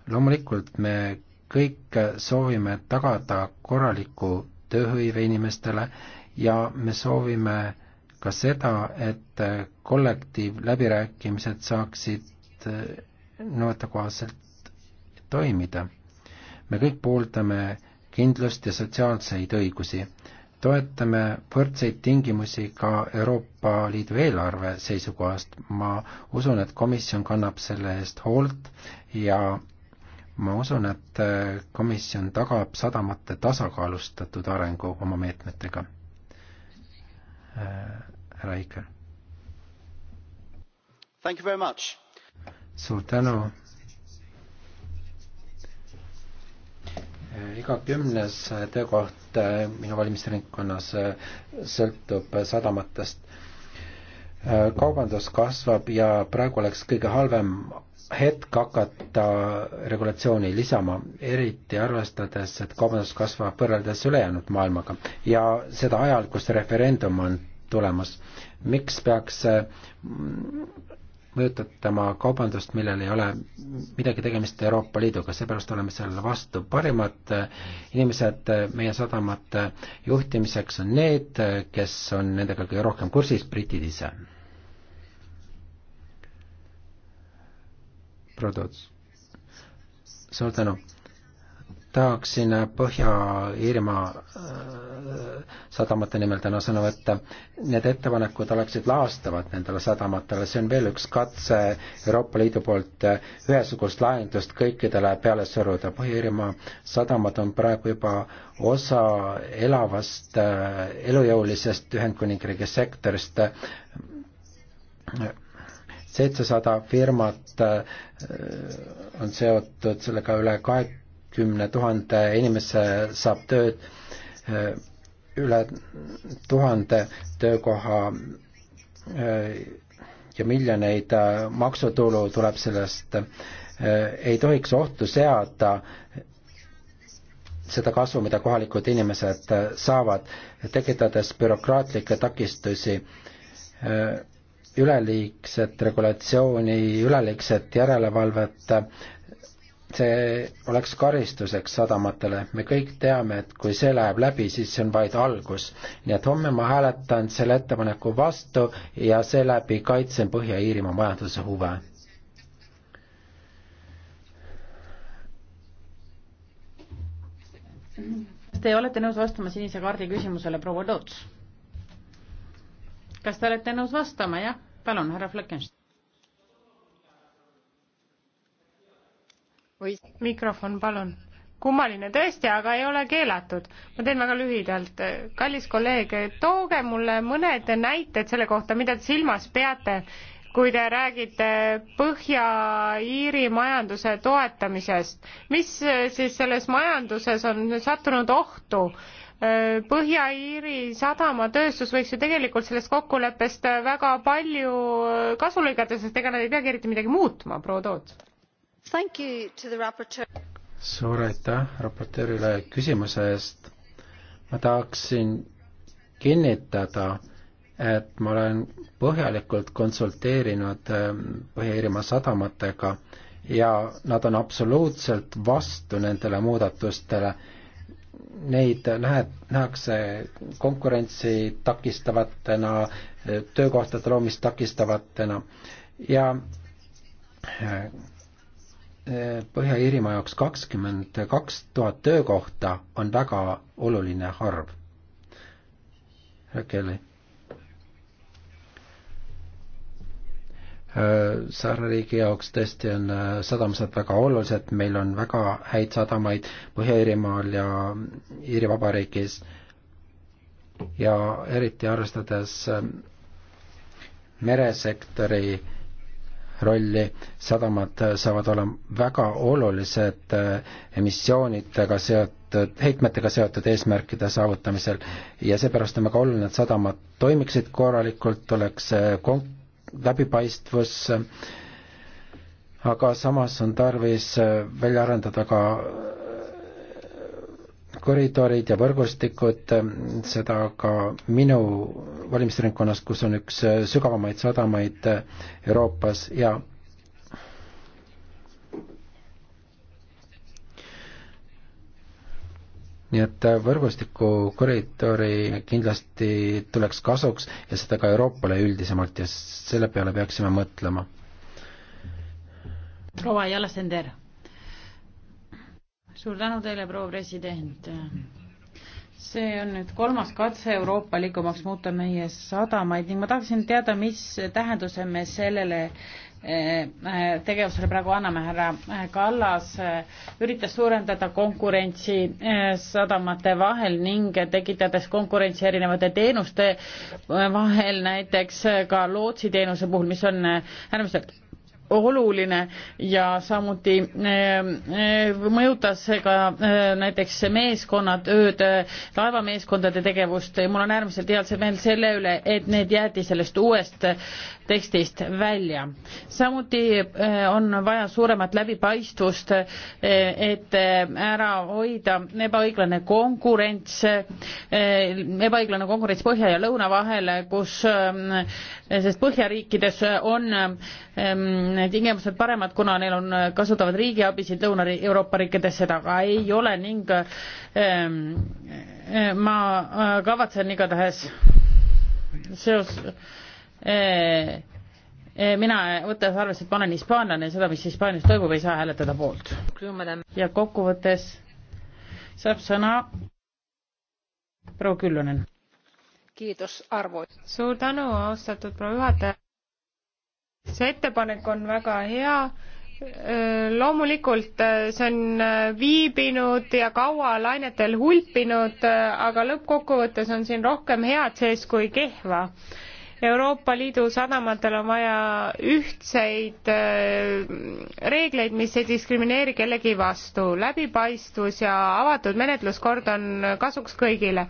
loomulikult me kõik soovime tagada korraliku tööhõive inimestele ja me soovime ka seda, et kollektiivläbirääkimised saaksid eh, nõuetekohaselt toimida. me kõik pooldame kindlust ja sotsiaalseid õigusi. toetame võrdseid tingimusi ka Euroopa Liidu eelarve seisukohast. ma usun, et komisjon kannab selle eest hoolt ja ma usun, et eh, komisjon tagab sadamate tasakaalustatud arengu oma meetmetega härra äh, Eiker. suur tänu. Äh, iga kümnes töökoht äh, minu valimisringkonnas sõltub sadamatest. kaubandus kasvab ja praegu oleks kõige halvem hetk hakata regulatsiooni lisama, eriti arvestades, et kaubandus kasvab võrreldes ülejäänud maailmaga ja seda ajal, kus referendum on tulemas. miks peaks mõjutama kaubandust, millel ei ole midagi tegemist Euroopa Liiduga, seepärast oleme sellele vastu. parimad inimesed meie sadamate juhtimiseks on need, kes on nendega kõige rohkem kursis, britid ise Prodots. suur tänu. tahaksin Põhja-Iirimaa äh, sadamate nimel täna sõna võtta. Need ettepanekud oleksid laastavad nendele sadamatele, see on veel üks katse Euroopa Liidu poolt äh, ühesugust lahendust kõikidele peale suruda. Põhja-Iirimaa sadamad on praegu juba osa elavast äh, elujõulisest Ühendkuningriigi sektorist seitsesada firmat äh, on seotud sellega, üle kahekümne tuhande inimese saab tööd, äh, üle tuhande töökoha äh, ja miljoneid maksutulu tuleb sellest, ei tohiks ohtu seada seda kasu, mida kohalikud inimesed saavad, tekitades bürokraatlikke takistusi üleliigset regulatsiooni, üleliigset järelevalvet, see oleks karistuseks sadamatele. me kõik teame, et kui see läheb läbi, siis see on vaid algus. nii et homme ma hääletan selle ettepaneku vastu ja seeläbi kaitsen Põhja-Iirimaa majanduse huve. kas te olete nõus vastama sinise kaardi küsimusele proua Toots? kas te olete nõus vastama, jah? palun, härra Fleckenstein. mikrofon, palun. kummaline tõesti, aga ei ole keelatud. ma teen väga lühidalt. kallis kolleeg, tooge mulle mõned näited selle kohta, mida te silmas peate, kui te räägite Põhja-Iiri majanduse toetamisest. mis siis selles majanduses on sattunud ohtu? Äh, Põhja-Iiri sadamatööstus võiks ju tegelikult sellest kokkuleppest äh, väga palju äh, kasu lõigata, sest ega nad ei peagi eriti midagi muutma, proua Toots. suur aitäh raportöörile küsimuse eest. ma tahaksin kinnitada, et ma olen põhjalikult konsulteerinud ähm, Põhja-Iirimaa sadamatega ja nad on absoluutselt vastu nendele muudatustele neid nähe, nähakse konkurentsi takistavatena, töökohtade loomist takistavatena ja äh, Põhja-Iirimaa jaoks kakskümmend kaks tuhat töökohta on väga oluline arv. Rakeli Äh, saareriigi jaoks tõesti on äh, sadamused väga olulised, meil on väga häid sadamaid Põhja-Iirimaal ja Iiri Vabariigis ja eriti arvestades äh, meresektori rolli, sadamad saavad olema väga olulised emissioonidega seotud, heitmetega seotud eesmärkide saavutamisel ja seepärast on väga oluline, et sadamad toimiksid korralikult, oleks konk-, läbipaistvus, aga samas on tarvis äh, välja arendada ka äh, koridorid ja võrgustikud, äh, seda ka minu valimisringkonnas, kus on üks sügavamaid sadamaid Euroopas ja nii et äh, võrgustiku koridori kindlasti tuleks kasuks ja seda ka Euroopale üldisemalt ja selle peale peaksime mõtlema. proua Jalasender. suur tänu teile, proua president. see on nüüd kolmas katse euroopalikumaks muuta meie sadamaid ning ma tahaksin teada, mis tähenduse me sellele äh, Eh, eh, tegevusele praegu anname, härra eh, Kallas üritas suurendada konkurentsi sadamate vahel ning tekitades konkurentsi erinevate teenuste vahel, näiteks ka lootsiteenuse puhul, mis on äärmiselt oluline ja samuti eh, eh, mõjutas see ka eh, näiteks meeskonnatööd, laevameeskondade tegevust. mul on äärmiselt hea meel selle üle, et need jäeti sellest uuest tekstist välja. samuti on vaja suuremat läbipaistvust, et ära hoida ebaõiglane konkurents, ebaõiglane konkurents põhja ja lõuna vahel, kus, sest põhjariikides on tingimused paremad, kuna neil on, äh, kasutavad riigiabisid Lõuna-Euroopa riikides, seda aga ei ole ning ähm, äh, ma äh, kavatsen igatahes seos äh, mina, võttes arvesse, et ma olen hispaanlane, seda, mis Hispaanias toimub, ei saa hääletada poolt. ja kokkuvõttes saab sõna proua Küllonen. suur tänu, austatud proua juhataja see ettepanek on väga hea loomulikult äh, see on äh, viibinud ja kaua lainetel hulpinud, äh, aga lõppkokkuvõttes on siin rohkem head sees kui kehva Euroopa Liidu sadamatel on vaja ühtseid äh, reegleid, mis ei diskrimineeri kellegi vastu. läbipaistvus ja avatud menetluskord on kasuks kõigile.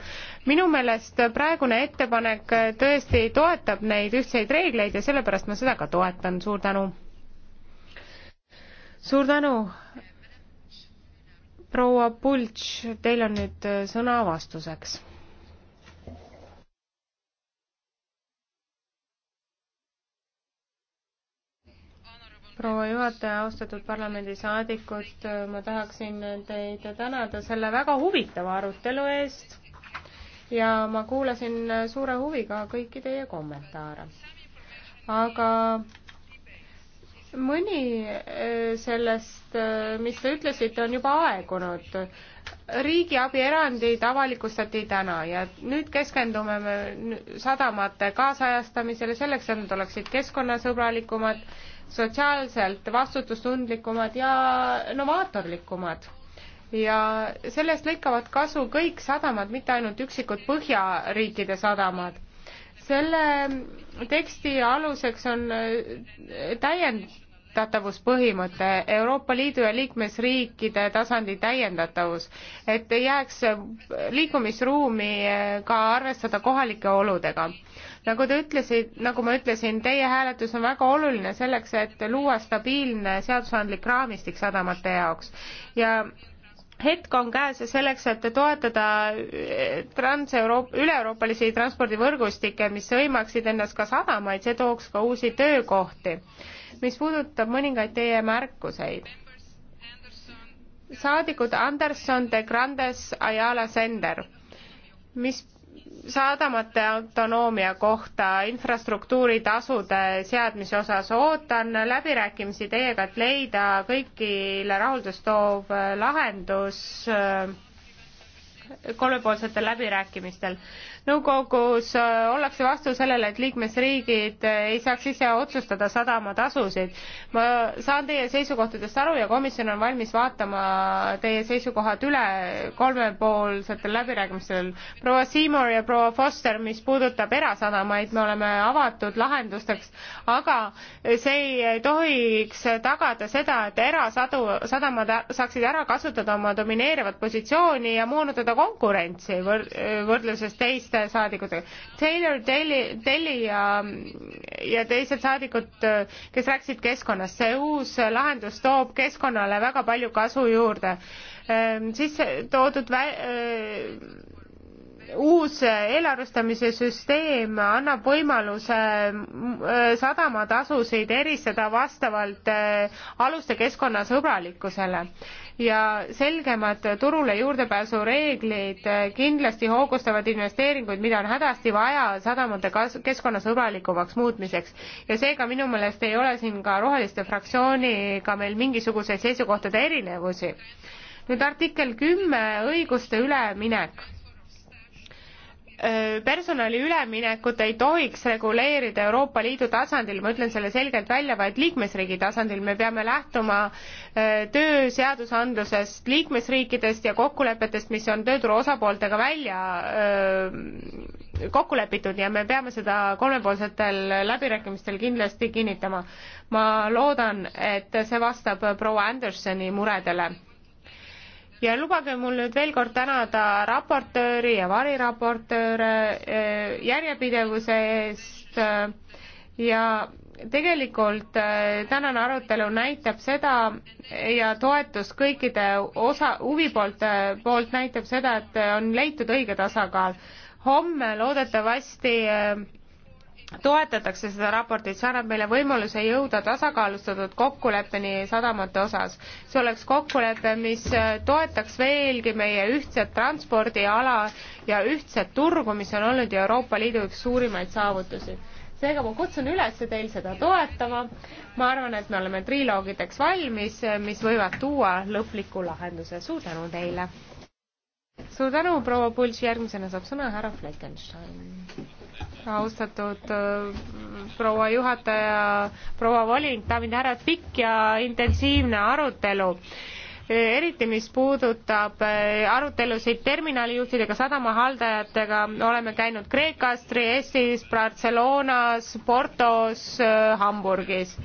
minu meelest praegune ettepanek tõesti toetab neid ühtseid reegleid ja sellepärast ma seda ka toetan. suur tänu. suur tänu. proua Pultš, teil on nüüd äh, sõna vastuseks proua juhataja, austatud parlamendisaadikud, ma tahaksin teid tänada selle väga huvitava arutelu eest ja ma kuulasin suure huviga kõiki teie kommentaare. aga mõni eh, sellest, eh, mis te ütlesite, on juba aegunud. riigiabi erandid avalikustati täna ja nüüd keskendume me sadamate kaasajastamisele selleks, et nad oleksid keskkonnasõbralikumad sotsiaalselt vastutustundlikumad ja novaatorlikumad. ja sellest lõikavad kasu kõik sadamad, mitte ainult üksikud Põhjariikide sadamad. selle teksti aluseks on äh, täiendatavuspõhimõte, Euroopa Liidu ja liikmesriikide tasandi täiendatavus, et jääks liikumisruumi äh, ka arvestada kohalike oludega nagu te ütlesite, nagu ma ütlesin, teie hääletus on väga oluline selleks, et luua stabiilne seadusandlik raamistik sadamate jaoks ja hetk on käes selleks, et toetada eh, transeuroop-, üle-euroopalisi transpordivõrgustikke, mis hõimaksid ennast ka sadamaid, see tooks ka uusi töökohti. mis puudutab mõningaid teie märkuseid, saadikud Anderson de Grandes Ayala Sender, mis sadamate autonoomia kohta infrastruktuuritasude seadmise osas ootan läbirääkimisi teiega, et leida kõigile rahuldust toov lahendus kolmepoolsetel läbirääkimistel nõukogus äh, ollakse vastu sellele, et liikmesriigid äh, ei saaks ise otsustada sadamatasusid. ma saan teie seisukohtadest aru ja komisjon on valmis vaatama teie seisukohad üle kolmepoolsetel läbirääkimistel. proua Seymour ja proua Foster, mis puudutab erasadamaid, me oleme avatud lahendusteks, aga see ei tohiks tagada seda, et erasadu, sadamad saaksid ära kasutada oma domineerivat positsiooni ja moonutada konkurentsi võr-, võrdluses teiste teiste saadikutega. Taylor Deli, Deli ja, ja teised saadikud, kes rääkisid keskkonnast, see uus lahendus toob keskkonnale väga palju kasu juurde. Ehm, sisse toodud vä-, uus eelarvestamise süsteem annab võimaluse äh, sadamatasusid eristada vastavalt äh, aluste keskkonnasõbralikkusele ja selgemad turule juurdepääsu reeglid äh, kindlasti hoogustavad investeeringuid, mida on hädasti vaja sadamate kas-, keskkonnasõbralikumaks muutmiseks. ja seega minu meelest ei ole siin ka Roheliste fraktsiooniga meil mingisuguseid seisukohtade erinevusi. nüüd artikkel kümme, õiguste üleminek personali üleminekut ei tohiks reguleerida Euroopa Liidu tasandil, ma ütlen selle selgelt välja, vaid liikmesriigi tasandil, me peame lähtuma tööseadusandlusest liikmesriikidest ja kokkulepetest, mis on tööturu osapooltega välja kokku lepitud ja me peame seda kolmepoolsetel läbirääkimistel kindlasti kinnitama. ma loodan, et see vastab proua Andersoni muredele ja lubage mul nüüd veel kord tänada raportööri ja variraportööre eh, järjepidevuse eest eh, ja tegelikult eh, tänane arutelu näitab seda ja toetus kõikide osa, huvipoolte poolt näitab seda, et on leitud õige tasakaal. homme loodetavasti toetatakse seda raportit, see annab meile võimaluse jõuda tasakaalustatud kokkuleppeni sadamate osas. see oleks kokkulepe, mis äh, toetaks veelgi meie ühtset transpordiala ja ühtset turgu, mis on olnud Euroopa Liidu üks suurimaid saavutusi. seega ma kutsun üles teil seda toetama. ma arvan, et me oleme triloogideks valmis, äh, mis võivad tuua lõpliku lahenduse. suur tänu teile! suur tänu, proua Pulš, järgmisena saab sõna härra Fleckenstein austatud äh, proua juhataja, proua volinik, daamid ja härrad, pikk ja intensiivne arutelu äh, eriti mis puudutab äh, arutelusid terminalijuhtidega, sadamahaldajatega, oleme käinud Kreekas, Triestis, Barcelonas, Portos, Hamburgis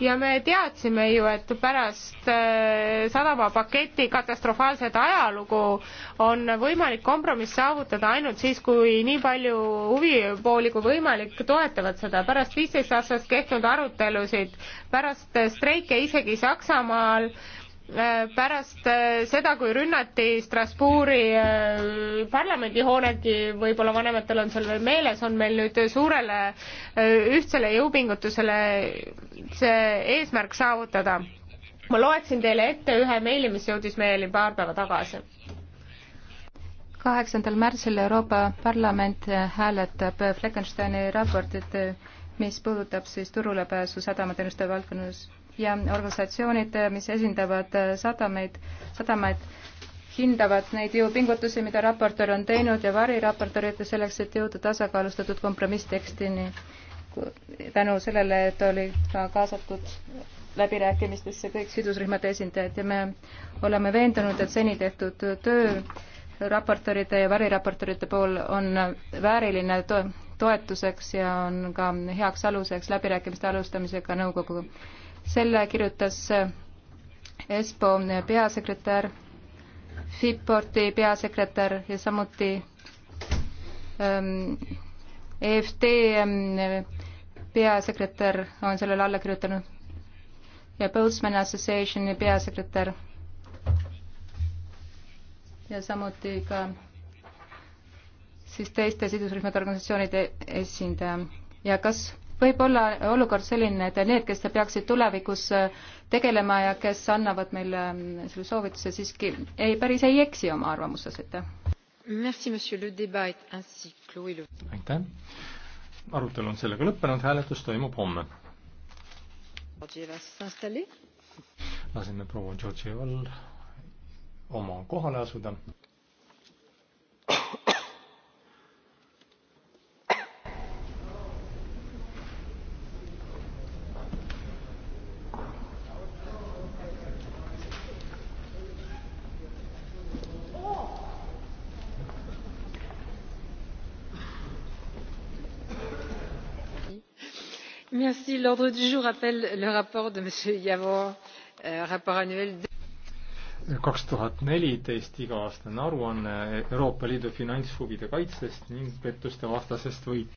ja me teadsime ju, et pärast äh, sadamapaketi katastrofaalset ajalugu on võimalik kompromiss saavutada ainult siis, kui nii palju huvipooli kui võimalik toetavad seda. pärast viisteist aastat kehtinud arutelusid, pärast streike isegi Saksamaal Äh, pärast äh, seda, kui rünnati Strasbourgi äh, parlamendihoonegi, võib-olla vanematel on seal veel meeles, on meil nüüd suurele ühtsele jõupingutusele see eesmärk saavutada. ma loeksin teile ette ühe meili, mis jõudis meieni paar päeva tagasi kaheksandal märtsil Euroopa Parlament hääletab Fleckensteini raportit, mis puudutab siis turulepääsu sadamateenuste valdkonnas ja organisatsioonid, mis esindavad sadameid, sadamaid, hindavad neid jõupingutusi, mida raportöör on teinud ja variraportöörid selleks, et jõuda tasakaalustatud kompromisstekstini. tänu sellele, et oli ka kaasatud läbirääkimistesse kõik sidusrühmade esindajad ja me oleme veendunud, et seni tehtud töö raportööride ja variraportööride pool on vääriline to toetuseks ja on ka heaks aluseks läbirääkimiste alustamisega nõukoguga selle kirjutas eh, ESPO peasekretär, FIPORTi peasekretär ja samuti EFT ehm, e ehm, peasekretär on sellele alla kirjutanud ja Postman Associationi peasekretär ja samuti ka siis teiste sidusrühmade organisatsioonide esindaja ja kas võib olla olukord selline, et need, kes peaksid tulevikus äh, tegelema ja kes annavad meile ähm, selle soovituse, siiski ei, päris ei eksi oma arvamuses, aitäh. aitäh, arutelu on sellega lõppenud, hääletus toimub homme. laseme proua Georgieval oma kohale asuda. l'ordre du jour appelle le rapport de monsieur Javor, euh, rapport annuel kaks tuhat neliteist iga-aastane aruanne Euroopa Liidu finantshuvide kaitsest ning pettuste vastasest võit-.